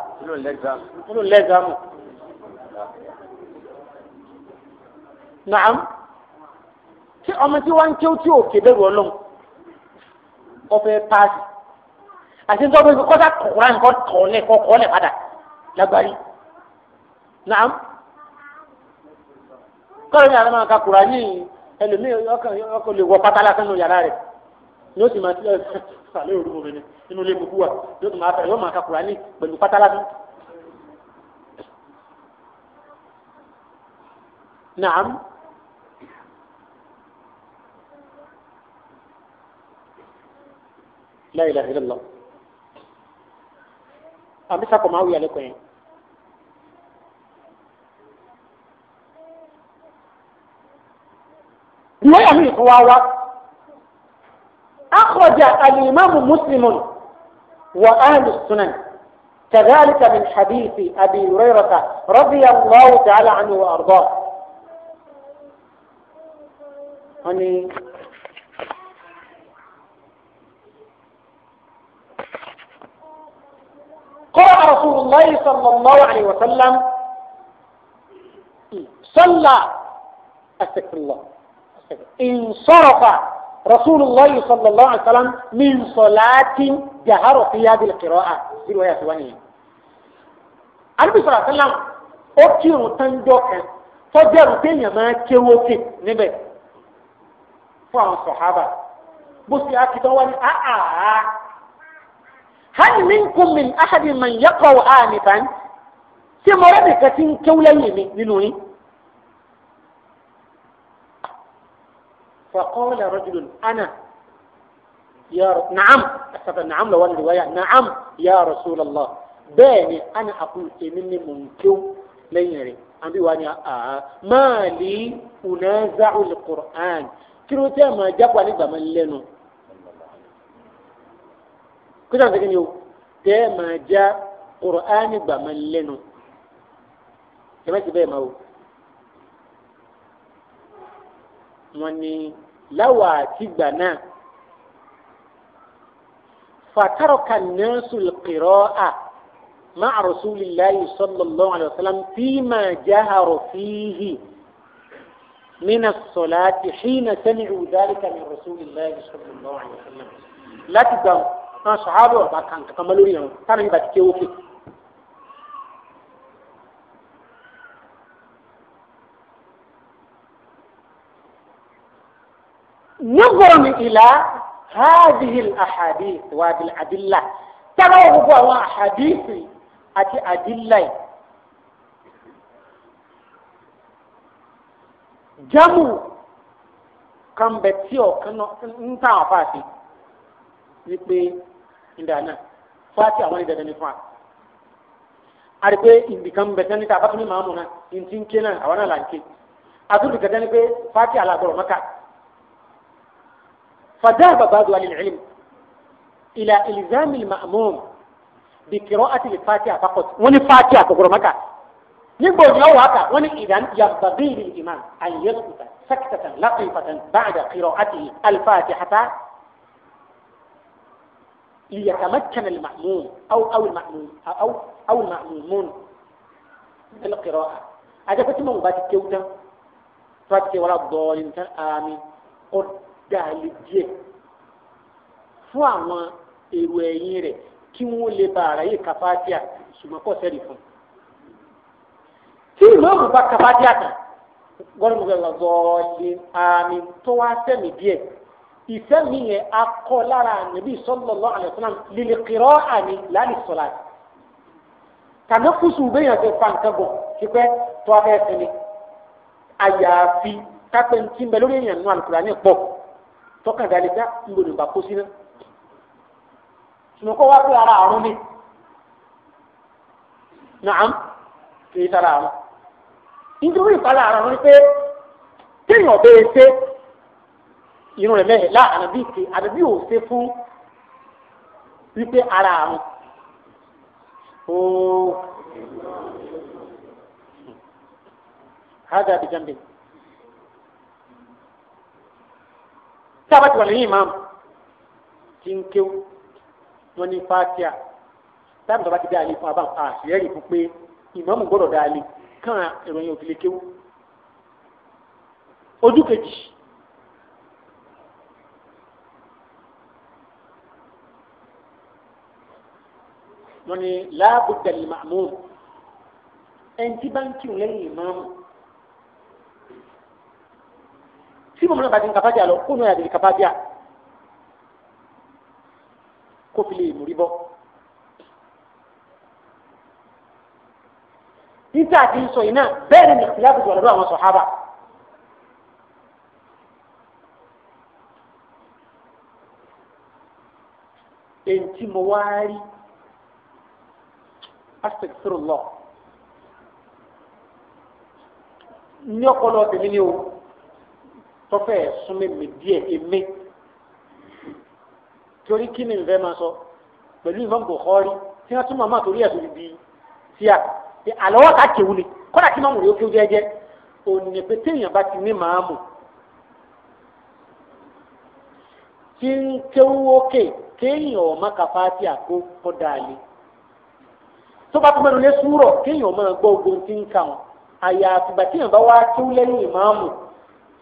naam tí ọmọ tí wọ́n ń kéwù tí òkè bẹ̀rù ọlọ́run ọfẹ́ paasi àti nítorí kọ́sà kọ̀ọ̀rán kọ́ tọ̀ọ́lẹ̀ kọ́ padà lágbárí nàám kọ́lọ́ ní àlámà ká kura ní ẹlòmíì ọkọ̀ lè wọ pátá lásán nù yàrá rẹ̀ ní o sì máa tilẹ̀ sàlẹ̀ òru omi ni nínú ilé gbogbo wa yóò tún máa fẹ́ yóò máa ká ní pẹ̀lú pátá lásán. nàám. La ilaha illallah. Àbí máa wuyà lẹ́kọ̀ọ́ yẹn. lọ́yà mi أخرج الإمام مسلم وأهل السنن كذلك من حديث أبي هريرة رضي الله تعالى عنه وأرضاه أني قرأ رسول الله صلى الله عليه وسلم صلى أستغفر الله انصرف رسول الله صلى الله عليه وسلم من صلاة جهر فيها بالقراءة في رواية ثوانية النبي صلى الله عليه وسلم أكيرو تنجوك فجر تنيا ما كيوك نبي فهم الصحابة بس أكتواني أأأ هل منكم من أحد من يقرأ آنفا سمرة كتين كولين من نوني فقال رجل أنا يا ر... نعم أسف نعم لو الرواية نعم يا رسول الله باني أنا أقول إني ممكن لن يري أمي واني آه ما لي أنازع القرآن كيلو ما جاب واني بمن لنو كده أنت كنيو ما جاء قرآن بمن لنو كما تبين ما هو wọ́n ní láwa àtìgbà náà fàtàrọ̀kà nẹ́ẹ̀sù kìrọ́ à máa rasulillahi sallallahu alayhi wa sallam fíìmà jáhàrò fíìhì من الصلاة حين سمعوا ذلك من رسول الله صلى الله عليه وسلم لا تدعوا أصحابه بكان كمالوريهم ترى بتكيوكي ننظر إلى هذه الأحاديث وهذه الأدلة ترى هو أحاديث أتي أدلة jamu kan bẹ tí ọ kanna n ta àwọn fàáfi wípé ìdáná fàáfi àwọn ìdáná ní fún wa àti pé ìbìkan bẹ sẹni tá a bá tún ní màámu náà ntí ń ké náà àwọn náà là ń ké àtúntò kẹtẹ ni pé fàáfi àlàgbọrọ mọka فذهب بعض أهل العلم إلى إلزام المأموم بقراءة الفاتحة فقط وني فاتحة كبر مكا نقول لو هكا وني إذا ينبغي للإمام أن يسكت سكتة لطيفة بعد قراءته الفاتحة ليتمكن المأموم أو أو المأموم أو أو المأمومون من القراءة هذا من بعد كيوتا فاتك ولا الضالين آمين قل dáálé díẹ̀ fún àwọn èrò ẹ̀yìn rẹ̀ kí wọ́n lè ba àráyè kàfáàtíà ṣùgbọ́n kọ́ sẹ́rì fún un. tí ìmọ̀ọ́mù bá kàfáàtíà tán gọ́dọ̀mù gbẹ̀gbẹ̀ zọ́ọ̀lì àmì tó wá sẹ́mi díẹ̀ ìfẹ́ mi yẹn akọ lára Ànábì sallallahu alaihi wasallam lílẹ̀ kìrọ́ àmì láàrin sọ̀lá kàná kùsù bẹ́yàn fẹ́ fa nǹkan bọ̀ kípẹ́ tó abẹ́ sinmi àyàfi kápẹ́ntì ń lórí èèyàn nù tɔkan da leta ŋgo ne ba kosi na sunɔgɔ waa kpɛ ara aro ne naam kiri sara aro ŋgo ne kpala aro ne pe kenyɔ bee se yinɔ lɛ mɛhɛ la anabi ke anabi o se fun bi pe ara aro ooo haza bi jambe. tí a bá ti wà lẹ́yìn ìmáàmù tí ń kéw wọn ní fátíà táàmù tó bá ti dá ilé fún abá àṣeyẹrì fún pé ìmáàmù gbọ́dọ̀ dá ilé kàn ìròyìn òfìlè kéw ojú kejì. wọn ní láàbù tẹlẹ màmú ẹnjí bá ń kírun lẹ́yìn ìmáàmù. tí mo mọ̀ náà bá ti ń kàfájà lọ kó náà yà ti di kàfájà kó fi lè mórí bọ́. níta àti sọ yìí náà bẹ́ẹ̀ ni ìyá àbùjọ lọ́dọ̀ àwọn sọ̀hábà. èntì mo wá rí astaghfirullah ní ọpọlọ tèmi o tọ́fẹ́ súnmí mi díẹ̀ èmi torí kí ni nfẹ́ máa sọ pẹ̀lú ìfọ̀n kò kọ́rí tí wọ́n tún màmá torí ẹ̀sùn bíi tí a àlọ́wọ́ ká kéwu ni kọ́dà kí máa mú yóò kí ó jẹ́jẹ́ òní pé téèyàn bá ti ní màá mú tí ń kéwu ókè kéèyàn ọ̀ma kàfá tí a kó kọ́ dáálé tó bá tún mẹ́rin lé súrọ̀ kéèyàn ọ̀ma gbọ́ ogun tí ń kà wọ́n àyà àtìgbà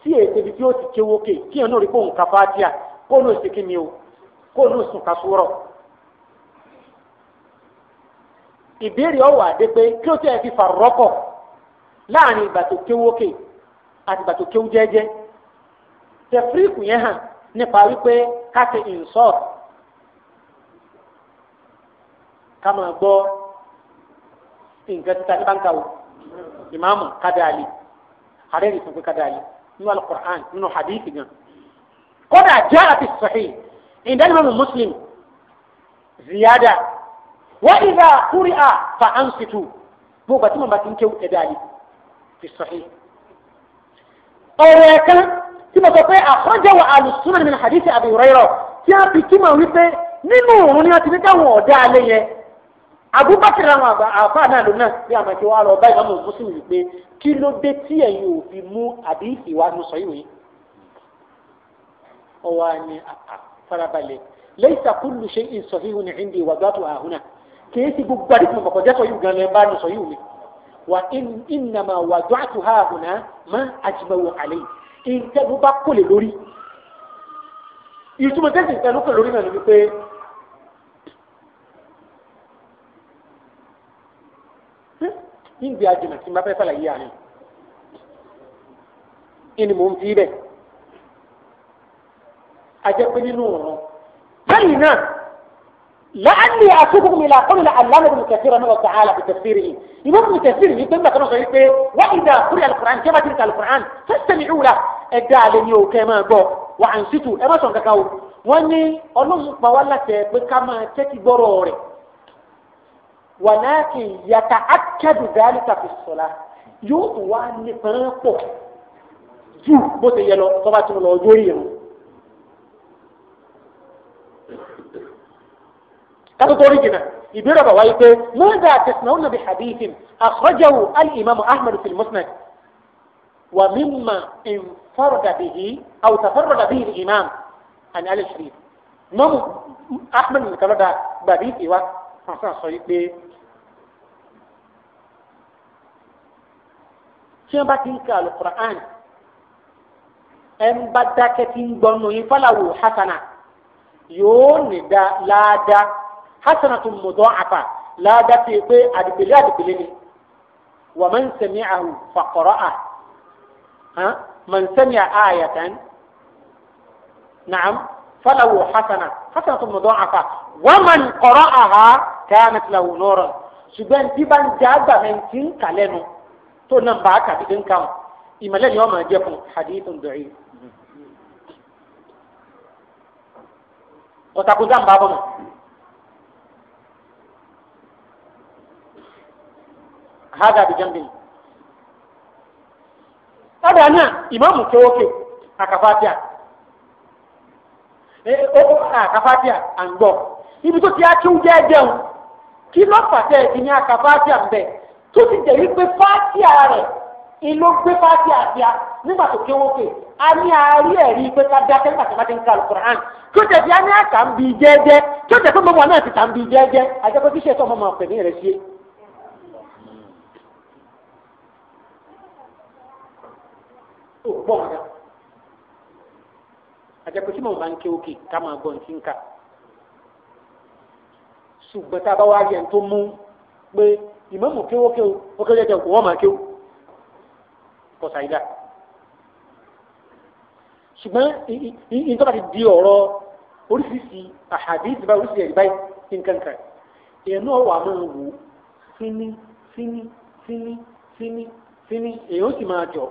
tí èsì ibi tí ó ti kéwó ké kí ẹ̀ náà kóhùn ká fáátíà kóhùn ó sì kí o kóhùn ó sùn ká sùúrọ̀. ìbéèrè ọ̀wà dé pé kí ó tẹ̀ fi fà rọ́pọ̀ láàrin ìgbà tó kéwó ké àti ìgbà tó kéwó yẹn hàn nípa wípé ti insult ká máa nǹkan títa ní báńkà o ìmáàmù nínú alukur'an nínú hadith gan kódà jẹ́ àti sahih ìdánimọ̀ muslim ziyada wọ́n ìgbà kúrì à fa ansitu gbogbo àti màmá ti ń kéwù ẹ̀dá yìí fi sahih. ọ̀rọ̀ ẹ̀kan tí mo sọ pé àkọ́jọ́ wa alùsùnmọ̀ nínú hadith Abi Hurairah tí a fi túmọ̀ wípé nínú òun ni wọ́n ti ní káwọn ọ̀dá alẹ́ yẹn. Abubakar àwọn àgbà àfa náà ló náà bí àmọ́ ti wá lọ báyìí wọn mọ̀ mùsùlùmí wípé kí ló dé tí ẹ̀yin ò fi mú àbí ìwà nu sọ ìwé. ọwọ́ ni farabalẹ̀ lẹ́yìn sàkúlù ṣe ìsọ̀híhù ní ìdí ìwà gbàtò àhùnà kìí ṣe gbogbo àdìsí mọ̀ kọjá yìí gan lẹ́ bá nu sọ yìí mi. ìnàmà wà dọ́àtò àhùnà má àjùmọ̀wò àlẹ́ yìí ìtẹ́gbọ́ bá kò lórí ìtumọ̀ tẹ́sí ìtẹ́lú kí n gbé àjùmọ̀ tí n bá fẹ́ sàlàyé àná kí ni mò ń fi bẹ̀ ajẹ́ pé nínú ọ̀rọ̀ báyìí náà láàlì àtúkùn mi làkọ́nù àlámọ̀ ibùdó kẹsìrì ọ̀nà ọ̀tà àlà kò tẹ̀sírì yìí ìmọ̀ ibùdó kẹsìrì yìí tó ń bàtà náà sọ wípé wà ìdá kúrì alukur'an jẹ́ bàtìrì alukur'an fẹ́sẹ̀mì ìwúra ẹ̀dá alẹ́ ni o kẹ́ máa gbọ́ wà à ń sítù ẹ má sọ̀n kankan o wọ́n ní ọlọ́run pa wá pé ká máa tẹ́tí gbọ́rọ̀ rẹ̀ ولكن يتأكد ذلك في الصلاة يؤوان فرقه جو بطي يلو صفات الوجوريه كذا طوري جنا إبرا ماذا تسمعون بحديث أخرجه الإمام أحمد في المسند ومما انفرد به أو تفرد به الإمام عن آل الشريف أحمد من كذا بابيتي و tí wọ́n bá ti ń ka alukur'an ẹ̀ ń bá dákẹ́ tí ń gbọ́nù yín fọláwò hasana yóò ní da láada hasana tó mọ̀dọ́ àfà láada ti pé àdìpẹ̀lẹ́ àdìpẹ̀lẹ́ ni wà máa ń sẹ̀mí àhùn fàkọ̀rọ̀ à máa ń sẹ̀mí àyàtàn nàám fọláwò hasana hasana tó mọ̀dọ́ àfà wà máa ń kọ̀rọ̀ àhà káyà mẹ́tìlá lọ́rọ̀ ṣùgbọ́n tí bá ń jẹ́ àgbà mẹ́ntì ń kà lẹ́nu. tó náà bá kàbí dé ń kàn ìmọ̀lẹ́ ni wọ́n máa jẹ́ fún hadithun da'if. ọ̀tàkùn dá ń bá bọ̀ mọ́. هذا بجنبه هذا أنا إمام كوكي أكفاتيا أكفاتيا أنبو ibi tó ti á tún jẹ́ jẹun kí ló fàtẹ́ ìdí ní akafatia ń bẹ tó ti jẹ́ wípé fátíà rẹ̀ ìlú gbé fátíà bíà nígbà tó kéwọ́ pé a ní àárí ẹ̀rí pé ká dákẹ́ nígbà tó bá ti ń ka alukur'an tó jẹ́ bí a ní àkà ń bi jẹ́jẹ́ tó jẹ́ pé mọ́mọ́ náà ti kà ń bi jẹ́jẹ́ àjẹpẹ́ tíṣẹ́ tó mọ́mọ́ pè ní ìrẹsì tó gbọ́ ọ̀dà àjẹpẹ́ tí mo máa ń ké òkè ká máa gbọ́ ní ti ń ṣùgbọ́n tá a bá wá yẹn tó mú pé ìmáàmù kéwó kéwó ó kéwó jẹjẹ wọ́n máa kéwó kò sàyídá ṣùgbọ́n ìtọ́ka ti di ọ̀rọ̀ oríṣiríṣi àhàdíìsì báyìí oríṣiríṣi ẹ̀rí báyìí nkankan èèyàn náà wà máa wò fíní fíní fíní fíní fíní èèyàn ó sì máa jọ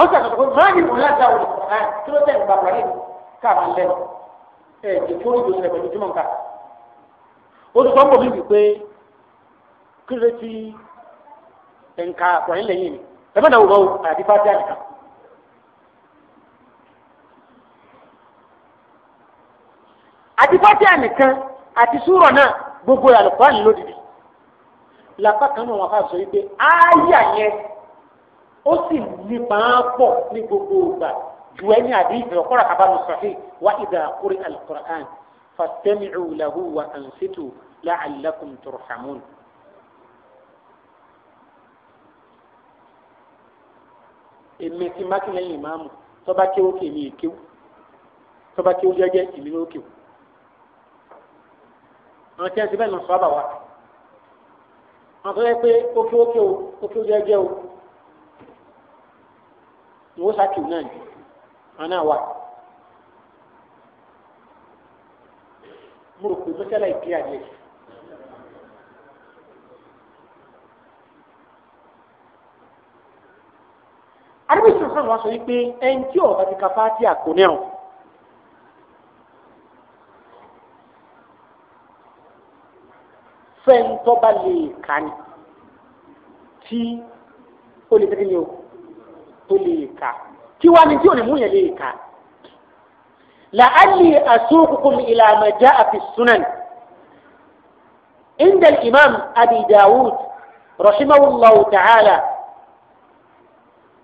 àwọn sọ̀rọ̀ pé máa ní ìwòlá dáwọ̀ lè sọ̀rọ̀ náà kí ló tẹ̀ ń gbàgbọ́ rẹ̀ káàmà ń lẹ́nu ẹ̀ ẹ̀ tó ní ìdòsílẹ̀ pẹ̀lú jùmọ̀ nǹkan. olùkọ́ mọ̀ mi wí pé kí ló ti ẹ̀ǹkà àkùnrin lẹ́yìn mi ẹ̀ mọ̀nà òwò àti fájá nìkan. àti fájá nìkan àti súrọ̀ náà gbogbo àlùkò àlùlódìdì làpá kan náà wọn fà sọ wípé ááyà yẹn ó sì nípa pọ̀ ní gbogbo ìgbà ju ẹni àdéhùn ọ̀kọ́ra kábàámu sọ̀hìn wá ìdá kúrẹ́ alukur'an fàtẹ́mìcù lahu wa ànsìtù la'allakum turhamun. èmi ti mákì lẹ́yìn ìmáàmù tọ́ba kí ó kéwì tọ́ba kí jẹ́jẹ́ ìmí ló kéwù. àwọn tí wọ́n ti bẹ́ẹ̀ nà sọ́ọ́bà wa. àwọn tó yẹ pé ó kí o wọ́n sákìw náà ni wọn náà wà. mo rò pé mọ́sálà ìpín àdìẹ. àdébí sọ̀rọ̀ wa sọ wípé ẹni tí ọ̀bá ti ka fáti àkóní ọ̀. fẹ́ntọ́ bá lè kà tí ó lè tẹ́lẹ̀ o tó lè kà kí wá ní tí ò ní mú yẹn lè kà. làálì àsókùkùn ìlànà já àfi sunan عند الإمام أبي داود رحمه الله تعالى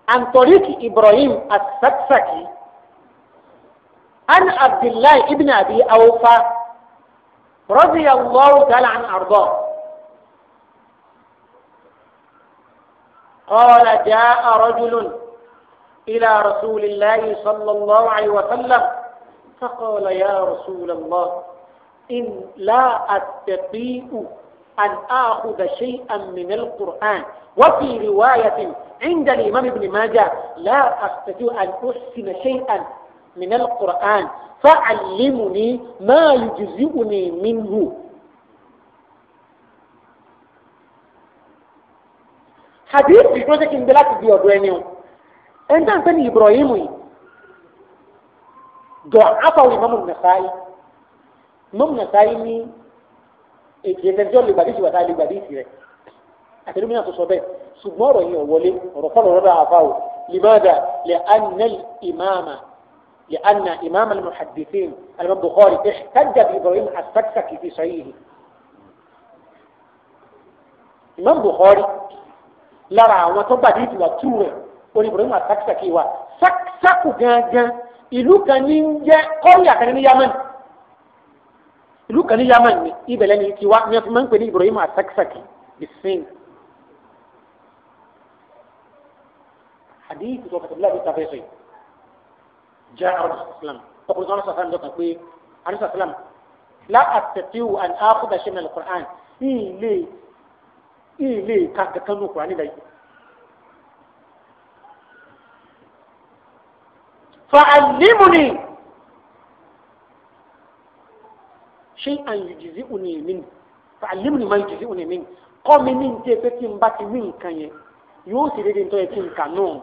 عن طريق إبراهيم السكسكي عن عبد الله بن أبي أوفى رضي الله تعالى عن أرضاه قال جاء رجل إلى رسول الله صلى الله عليه وسلم فقال يا رسول الله إن لا أستطيع أن آخذ شيئا من القرآن وفي رواية عند الإمام ابن ماجه لا أستطيع أن أحسن شيئا من القرآن فعلمني ما يجزئني منه حديث بيقول لك إن بلاك بيقول أنت أنت إبراهيم ضعفه امام النسائي امام النسائي ni ìgbésẹ̀jọ́ lè gbàdísì wà tá a lè gbàdísì rẹ̀ àtẹnumí náà tó sọ bẹ́ẹ̀ ṣùgbọ́n ọ̀rọ̀ yìí wọlé ọ̀rọ̀ fọlọ̀ rọ́dà àfa o لماذا؟ لأن الإمام لأن إمام المحدثين الإمام البخاري احتج بإبراهيم السكسكي في صحيحه الإمام البخاري lára àwọn tó oníbùrọ̀mù àtàkìsàkì wa sákù gángan ìlú kan ní ń jẹ́ kọ́ríyà kan ní yamani ìlú kan ní yamani ni ibẹ̀lẹ̀ ni tiwa ní wọ́n fi máa ń pè ní ìbùrọ̀mù àtàkìsàkì bisin. hadith tó fẹ́ tẹ̀lé àbí tàbí sọ̀yìn jẹ́ àwọn islam ọkùnrin kan sọ̀rọ̀ sọ̀rọ̀ pé àdúrà sọ̀rọ̀ la àtẹ̀tíwò àti àkúdàṣe mẹ́lẹ̀ kùrán فعلمني شيئا يجزئني منه فعلمني ما يجزئني منه kọ́ mi ní ntí ẹgbẹ́ tí n bá ti wí nǹkan yẹn yóò sì dédé ntọ́ yẹn tí nǹkan náà.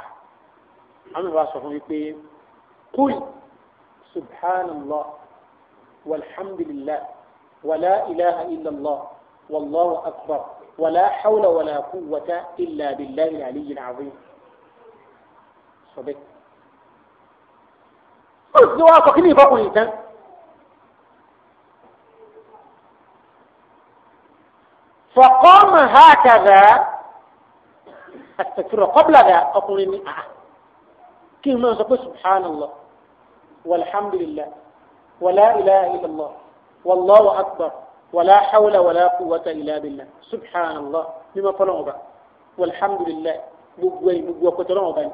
Ah. àwọn ìbá sọ fún mi pé kúl subhanallah walhamdulillah wàlá ilaha illallah wàlláhu akbar. ولا حول ولا قوة إلا بالله العلي العظيم صدق الزواج فقني فقني فقام هكذا التكفير قبل ذا أقول إني آه كلمة سبحان الله والحمد لله ولا إله إلا الله والله أكبر wala hawla wala quwwata illa billah subhanallah mímọ́ fọlọ́wọ́n ba walhamdulillah gbogbo ẹ̀yìn gbogbo ọkọ̀ tọ́lọ́wọ́n ba ni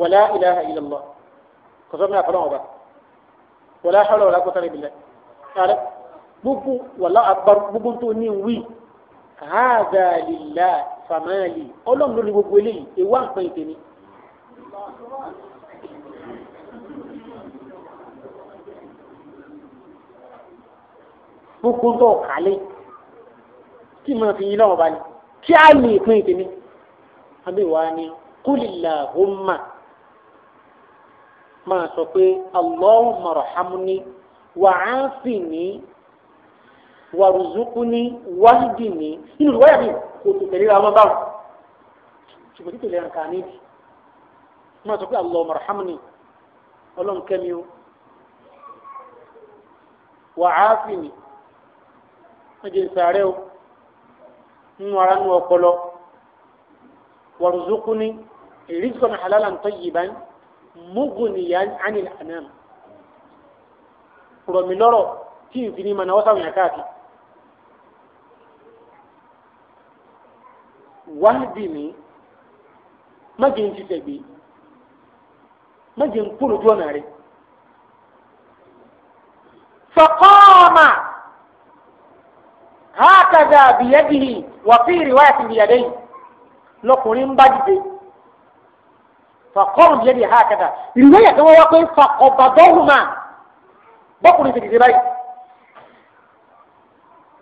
wala ilaha illallah kọ́sọ́ mímọ́ fọlọ́wọ́n ba wala hawla wala quwwata illa billah ààrẹ gbogbo wala akbar gbogbo tó ní wí hàdà lillah famali ọlọ́run ló ní gbogbo eléyìí ewa nǹkan ìtẹ̀ni. gbogbo tó kálẹ̀ kí mo fi yín lọ́wọ́ bá ní kí á lè pín ìpínmi abẹ́wà ni kúlìlà ọmọ máa sọ pé Allahumma rahamni wa afini wa ruzukuni wahdini inú ìwáyà mi kò tó tẹ̀lé ra wọn báwọn ṣùgbọ́n títẹ̀lé ra nǹkan níbi máa sọ pé Allahumma rahamni ọlọ́run kẹ́mi o wa afini ẹjẹ ìsàárẹ̀ o nínú ara nínú ọpọlọ warzuqni rizqan halalan tayyiban mughniyan anil anam rọ̀mí lọ́rọ̀ tí n fi ní mana wọ́sàwìn yà káàkiri. wahdini májè ń ti sẹ̀gbé májè ń kúrò jọ́nà hákàdà bìyẹ́dìhì wà fi riwayati bìyẹ́dẹ́yì lọkùnrin ń bá dìde fàkọ́rù bìyẹ́dì hákàdà ìrìwáyà tó wọ́n wá pé fàkọ̀bàdọ́hùmá bọ́kùnrin ti dìde báyìí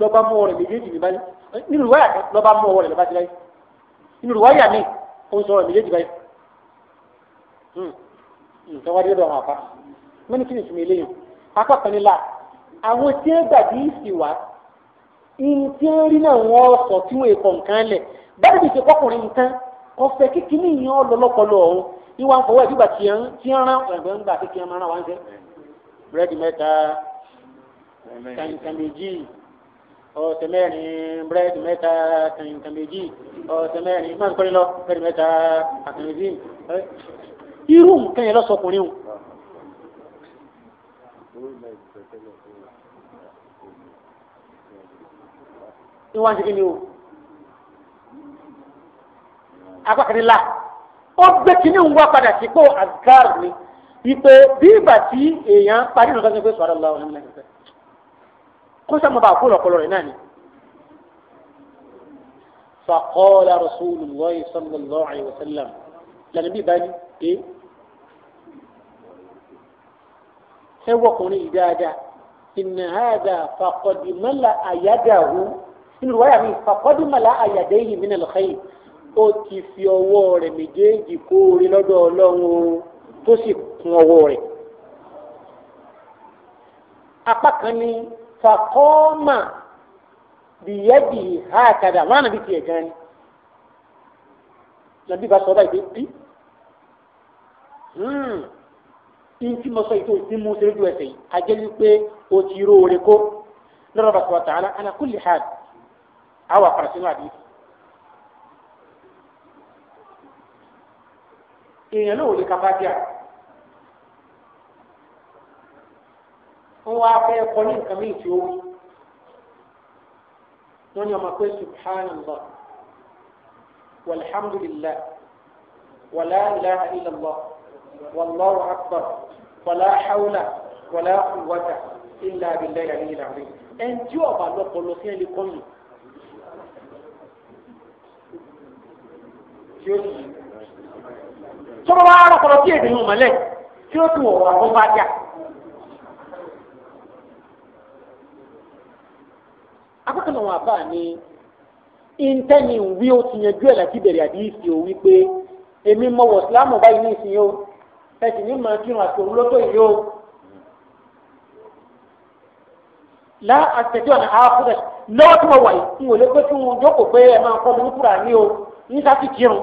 lọ́ba mú ọ̀rẹ́ méjèèjì mi báyìí nínú ìwáyà lọ́ba mú ọ̀rẹ́ lọ́ba ti báyìí nínú ìwáyà mi ó ń sọ ọ̀rẹ́ méjèèjì báyìí ntọ́wádìí lọ́dọ̀ àwọn àpá mẹ́ni kí ni ìtumọ̀ eléyìí akọ́kànlélà àwọn tí ntí ń rí náà wọ́n sọ tí wọ́n èkó nǹkan lẹ̀ bẹ́ẹ̀ bí ṣe kọkùnrin nǹkan ọ̀fẹ́ kékeré yìí ọ̀ lọ́lọ́kọlọ́ ọ̀hún ìwà ń fọwọ́ ìdígbà tí ń tí ń rán ẹ̀gbẹ́ ń gbà pé kí ń rán wá ń jẹ́ búrẹ́dì mẹ́ta kàǹkàǹbèjì ọ̀sẹ̀ mẹ́rin búrẹ́dì mẹ́ta kàǹkàǹbèjì ọ̀sẹ̀ mẹ́rin máa ń kọ́ni lọ búrẹ́dì mẹ́ta kàǹkàǹbèjì irú nǹkan yẹn lọ́sọkùnrin ní wọ́n ń segin ní o agbákanilá ó gbé kínní ń wá padà sí kó agar ni ìpè bí ìgbà tí èèyàn parí nǹkan tó ń pè sọ̀rọ̀ lọ́wọ́ ní ẹgbẹ́ kó sọ́mọ́ bá kó lọ́pọ̀lọ́ rẹ̀ náà ni. فقال رسول الله صلى الله عليه وسلم لنبي بني ايه هو قولي إجاجة إن هذا فقد ملأ nínú wáyà mi fàkọ́dúmọ̀lá àyàdé yìí mí nàlọ́ xẹ́yìn ó ti fi ọwọ́ rẹ̀ méjèèjì kóore lọ́dọ̀ ọlọ́run tó sì kún ọwọ́ rẹ̀. apá kan ní fàkọ́ọ́mà bìyẹ́bì ha kàdà wọn àná bí tiẹ̀ gan ni nàbí bá sọ báyìí pé bí hmm, ntí mo sọ yìí tó ti mú sẹ́lẹ̀ ju ẹsẹ̀ yìí a jẹ́ wípé o ti róore kó lọ́rọ̀ bàtà wàtà àlà àlà kúlì hàdì àwọn àpàrà sínú àdìsí. èèyàn náà ò lè ka fàájà wọn wá fẹ́ kọ ní nǹkan míì tí ó wí wọn ni ọmọ pé subhanallah walhamdulillah wàlá ilaha illallah wallahu akbar wàlá hawla wàlá quwwata illa billahi aliyu nàbí ẹn tí ọba lọpọlọ sí ẹni kọ́nù. tí ó tù tó bá wá rọpọlọ tí èdè yìí mọ̀lẹ́ tí ó tù ọ̀rọ̀ àwọn bá dà. akọ́kànlá wọn àbá ni ìntẹ́ni wí ó ti yanjú ẹ̀ láti bẹ̀rẹ̀ àdìsí o wípé èmi mọ wọ̀ sílámù báyìí ní ìsìn o ẹ sì ní mọ̀ kí àti òun yìí o. lá àtẹ̀jọ́ àná àáfúrẹ̀ lọ́wọ́ tí mo wà yìí n ò lè pé kí wọn jókòó pé ẹ máa kọ́ mi ní kúrà ní o ní sáfì kírun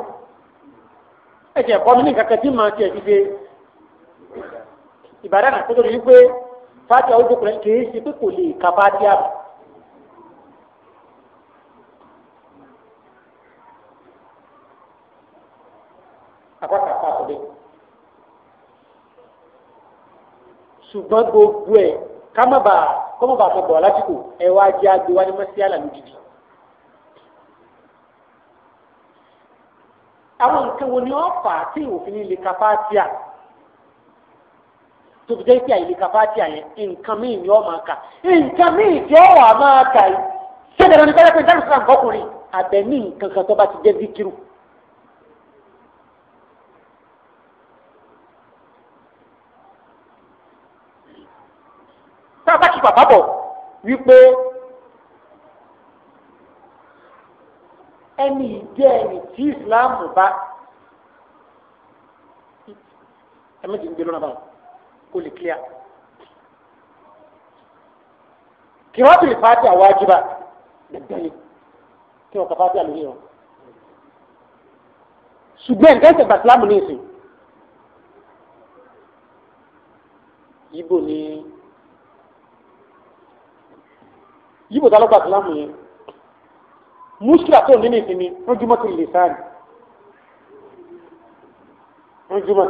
ẹ̀jẹ̀ ẹ̀kọ́ mi ní nǹkan kan tí màá tiẹ̀ dìde ìbàdàn náà kó tó di pé fátíà ó dókòrò kì í ṣe pé kò lè ka fátíà bù. àpáta pàtó ṣùgbọ́n gbogbo ẹ̀ ká má bàa fẹ́ bọ̀ lásìkò ẹ̀ wá jẹ́ àgbéwá ní mọ́síálà lójijì. àwọn nǹkan wo ni wọ́n fà á tí òfin ilé kafátíà tó fi jẹ́ pé àìlè kafátíà yẹn nǹkan míì ni wọ́n máa kà nǹkan míì tí ó wà máa kà yìí sẹ́dẹ̀ lọ ní pẹ́ẹ́pẹ́ ìdáhùn sílá nǹkan ọkùnrin àbẹ̀mí nǹkan kan tó bá ti jẹ́ zikiru. tá a bá kí bàbá bọ̀ wípé. ẹni ìjẹ́ ẹni tí ìsìláàmù bá ẹ̀mí ti ń gbé lọ́nà báwọn kó lè kílíà. kí wọ́n bìrì fàájì àwọn ajíba dandan kí wọ́n kà fàájì àlùyé wọn. ṣùgbọ́n nǹkan ìṣẹ̀gbà ìsìláàmù ní ìsìn. ibo ni ibo tá ló gba ìsìláàmù yẹn muskila tó ní nìsín ni rújúmọ́ ti lè sáà ní rújúmọ́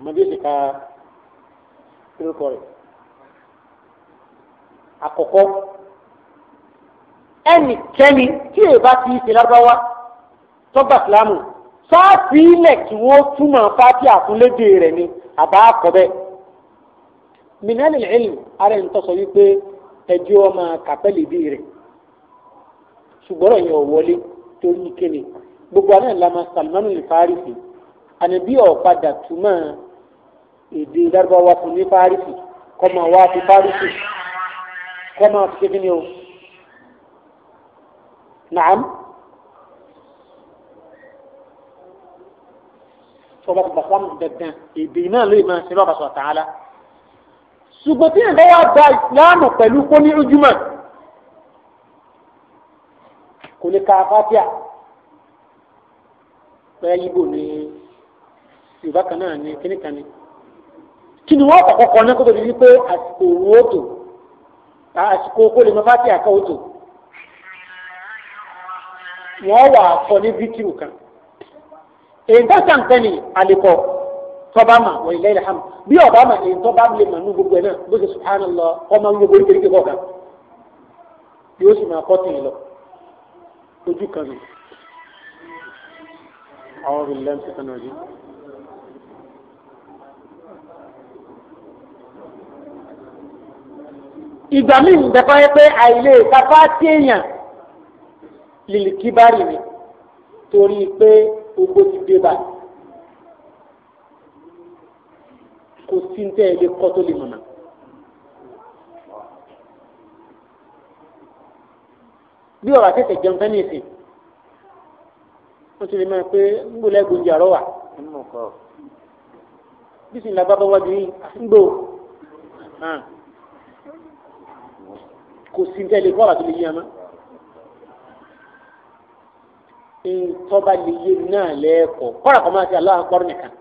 ọmọdé sì ka orúkọ rẹ̀ àkọ́kọ́ ẹnikẹ́ni tí èèbá ti ṣe lárúbáwá tọ́gbà sílámù sáàtì ilẹ̀ kí wọ́n túmọ̀ fáti àkúnlédè rẹ̀ ni àbá àkọ́bẹ́ minalil ilm ara ń tọ́sọ wípé ẹjọ́ ọmọ kàpẹ́lì bí rẹ̀ ṣùgbọ́n ọ̀yàn ọ̀wọ́lé torí kéde gbogbo àná ìlànà Salmanu ìfáàrífì ànàbí ọ̀padà túmọ̀ èdè lárúbáwá fún ní fáàrífì kọ́mọ wá fi fáàrífì kọ́mọ fi ṣe kíni o nàám ọba bàbá sàmù dandan èdè náà lóye máa ṣe lọ́ba sọ̀tàn á la ṣùgbọ́n tí ìbá wa gba ìsìláàmù pẹ̀lú kó ní ojúmọ̀ kò lè ka fatia bẹ́ẹ̀ yíbo ní yorùbá kan náà ní kíní kan ní kí ni wọ́n kọ́kọ́ kọ́ náà kó tó di wípé àsìkò òun ó tò àsìkò kó lè mọ fatia ká ó tò wọ́n wà sọ ní fídíò kan èyí tó sàǹtẹ́nì àlèkọ́ tọba ma wọ ilẹ̀ ilẹ̀ ham bí ọba ma èyí tọba lè mà nù gbogbo ẹ̀ náà bó ṣe subhanallah ọmọ nù gbogbo ìkéríkè kọ̀ọ̀ká yóò sì máa kọ́ tìyìn lọ ojú kan nù. àwọn ọ̀rùn lẹ́nu ti kan náà ìgbà míì ń bẹ̀kọ́ yẹ pé àìlè kápá tí èèyàn lìlì kíbárì ni torí pé ogbó ti dé báyìí. kò sí ní tẹ́ ẹ lè kọ́ tó lè mọ̀nà. bí ọ̀rọ̀ àtẹ̀tẹ̀ jẹun fẹ́ ní ìsìn wọ́n ti lè máa pé ń gbò lẹ́gbọ̀n oúnjẹ àárọ̀ wà. bí sì ń lagbá bá wájú yìí ń gbò kò sí ní tẹ́ kọ́ ọ̀rọ̀ àti lè yí mọ́. ntọ́ba lè yé náà lẹ́ẹ̀kọ́ kọ́ra kọ́ máa ṣe aláàkọ́rọ̀ nìkan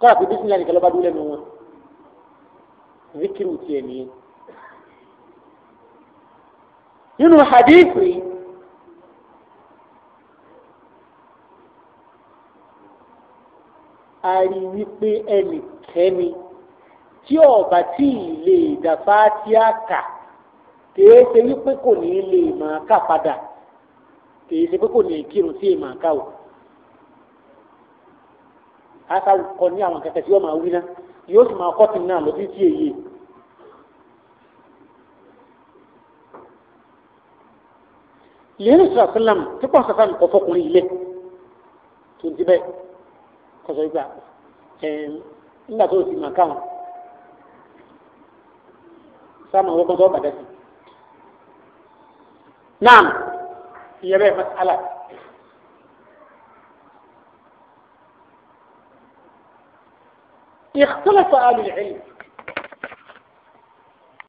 kọ́ra pé bísí nìyẹn nìkan lọ́ba dúró lẹ́nu wọn zikiru tiẹ̀ nìyẹn. nínú hadithi a rí wípé ẹnikẹ́ni tí ọba tí ì lè dàfá tí kà kìí ṣe wípé kò ní lè máa kà padà kìí ṣe pé kò ní kírun tí ì máa kà o aka kọ ní àwọn kẹkẹ tí yóò máa wí ná yóò sì máa kọ́ tì náà lọ títí èyí. lẹ́yìn ìṣúra sílámù tí kò sọ́sọ́ nǹkan fọkùnrin ilé tó ti bẹ́ẹ̀ kọ́sọ́ ìgbà nígbà tó ti mà káwọn sáàmù ọgbọ́n tó bàtẹ́ sí. naam ìyẹ́bẹ́ mas'ala. اختلف أهل العلم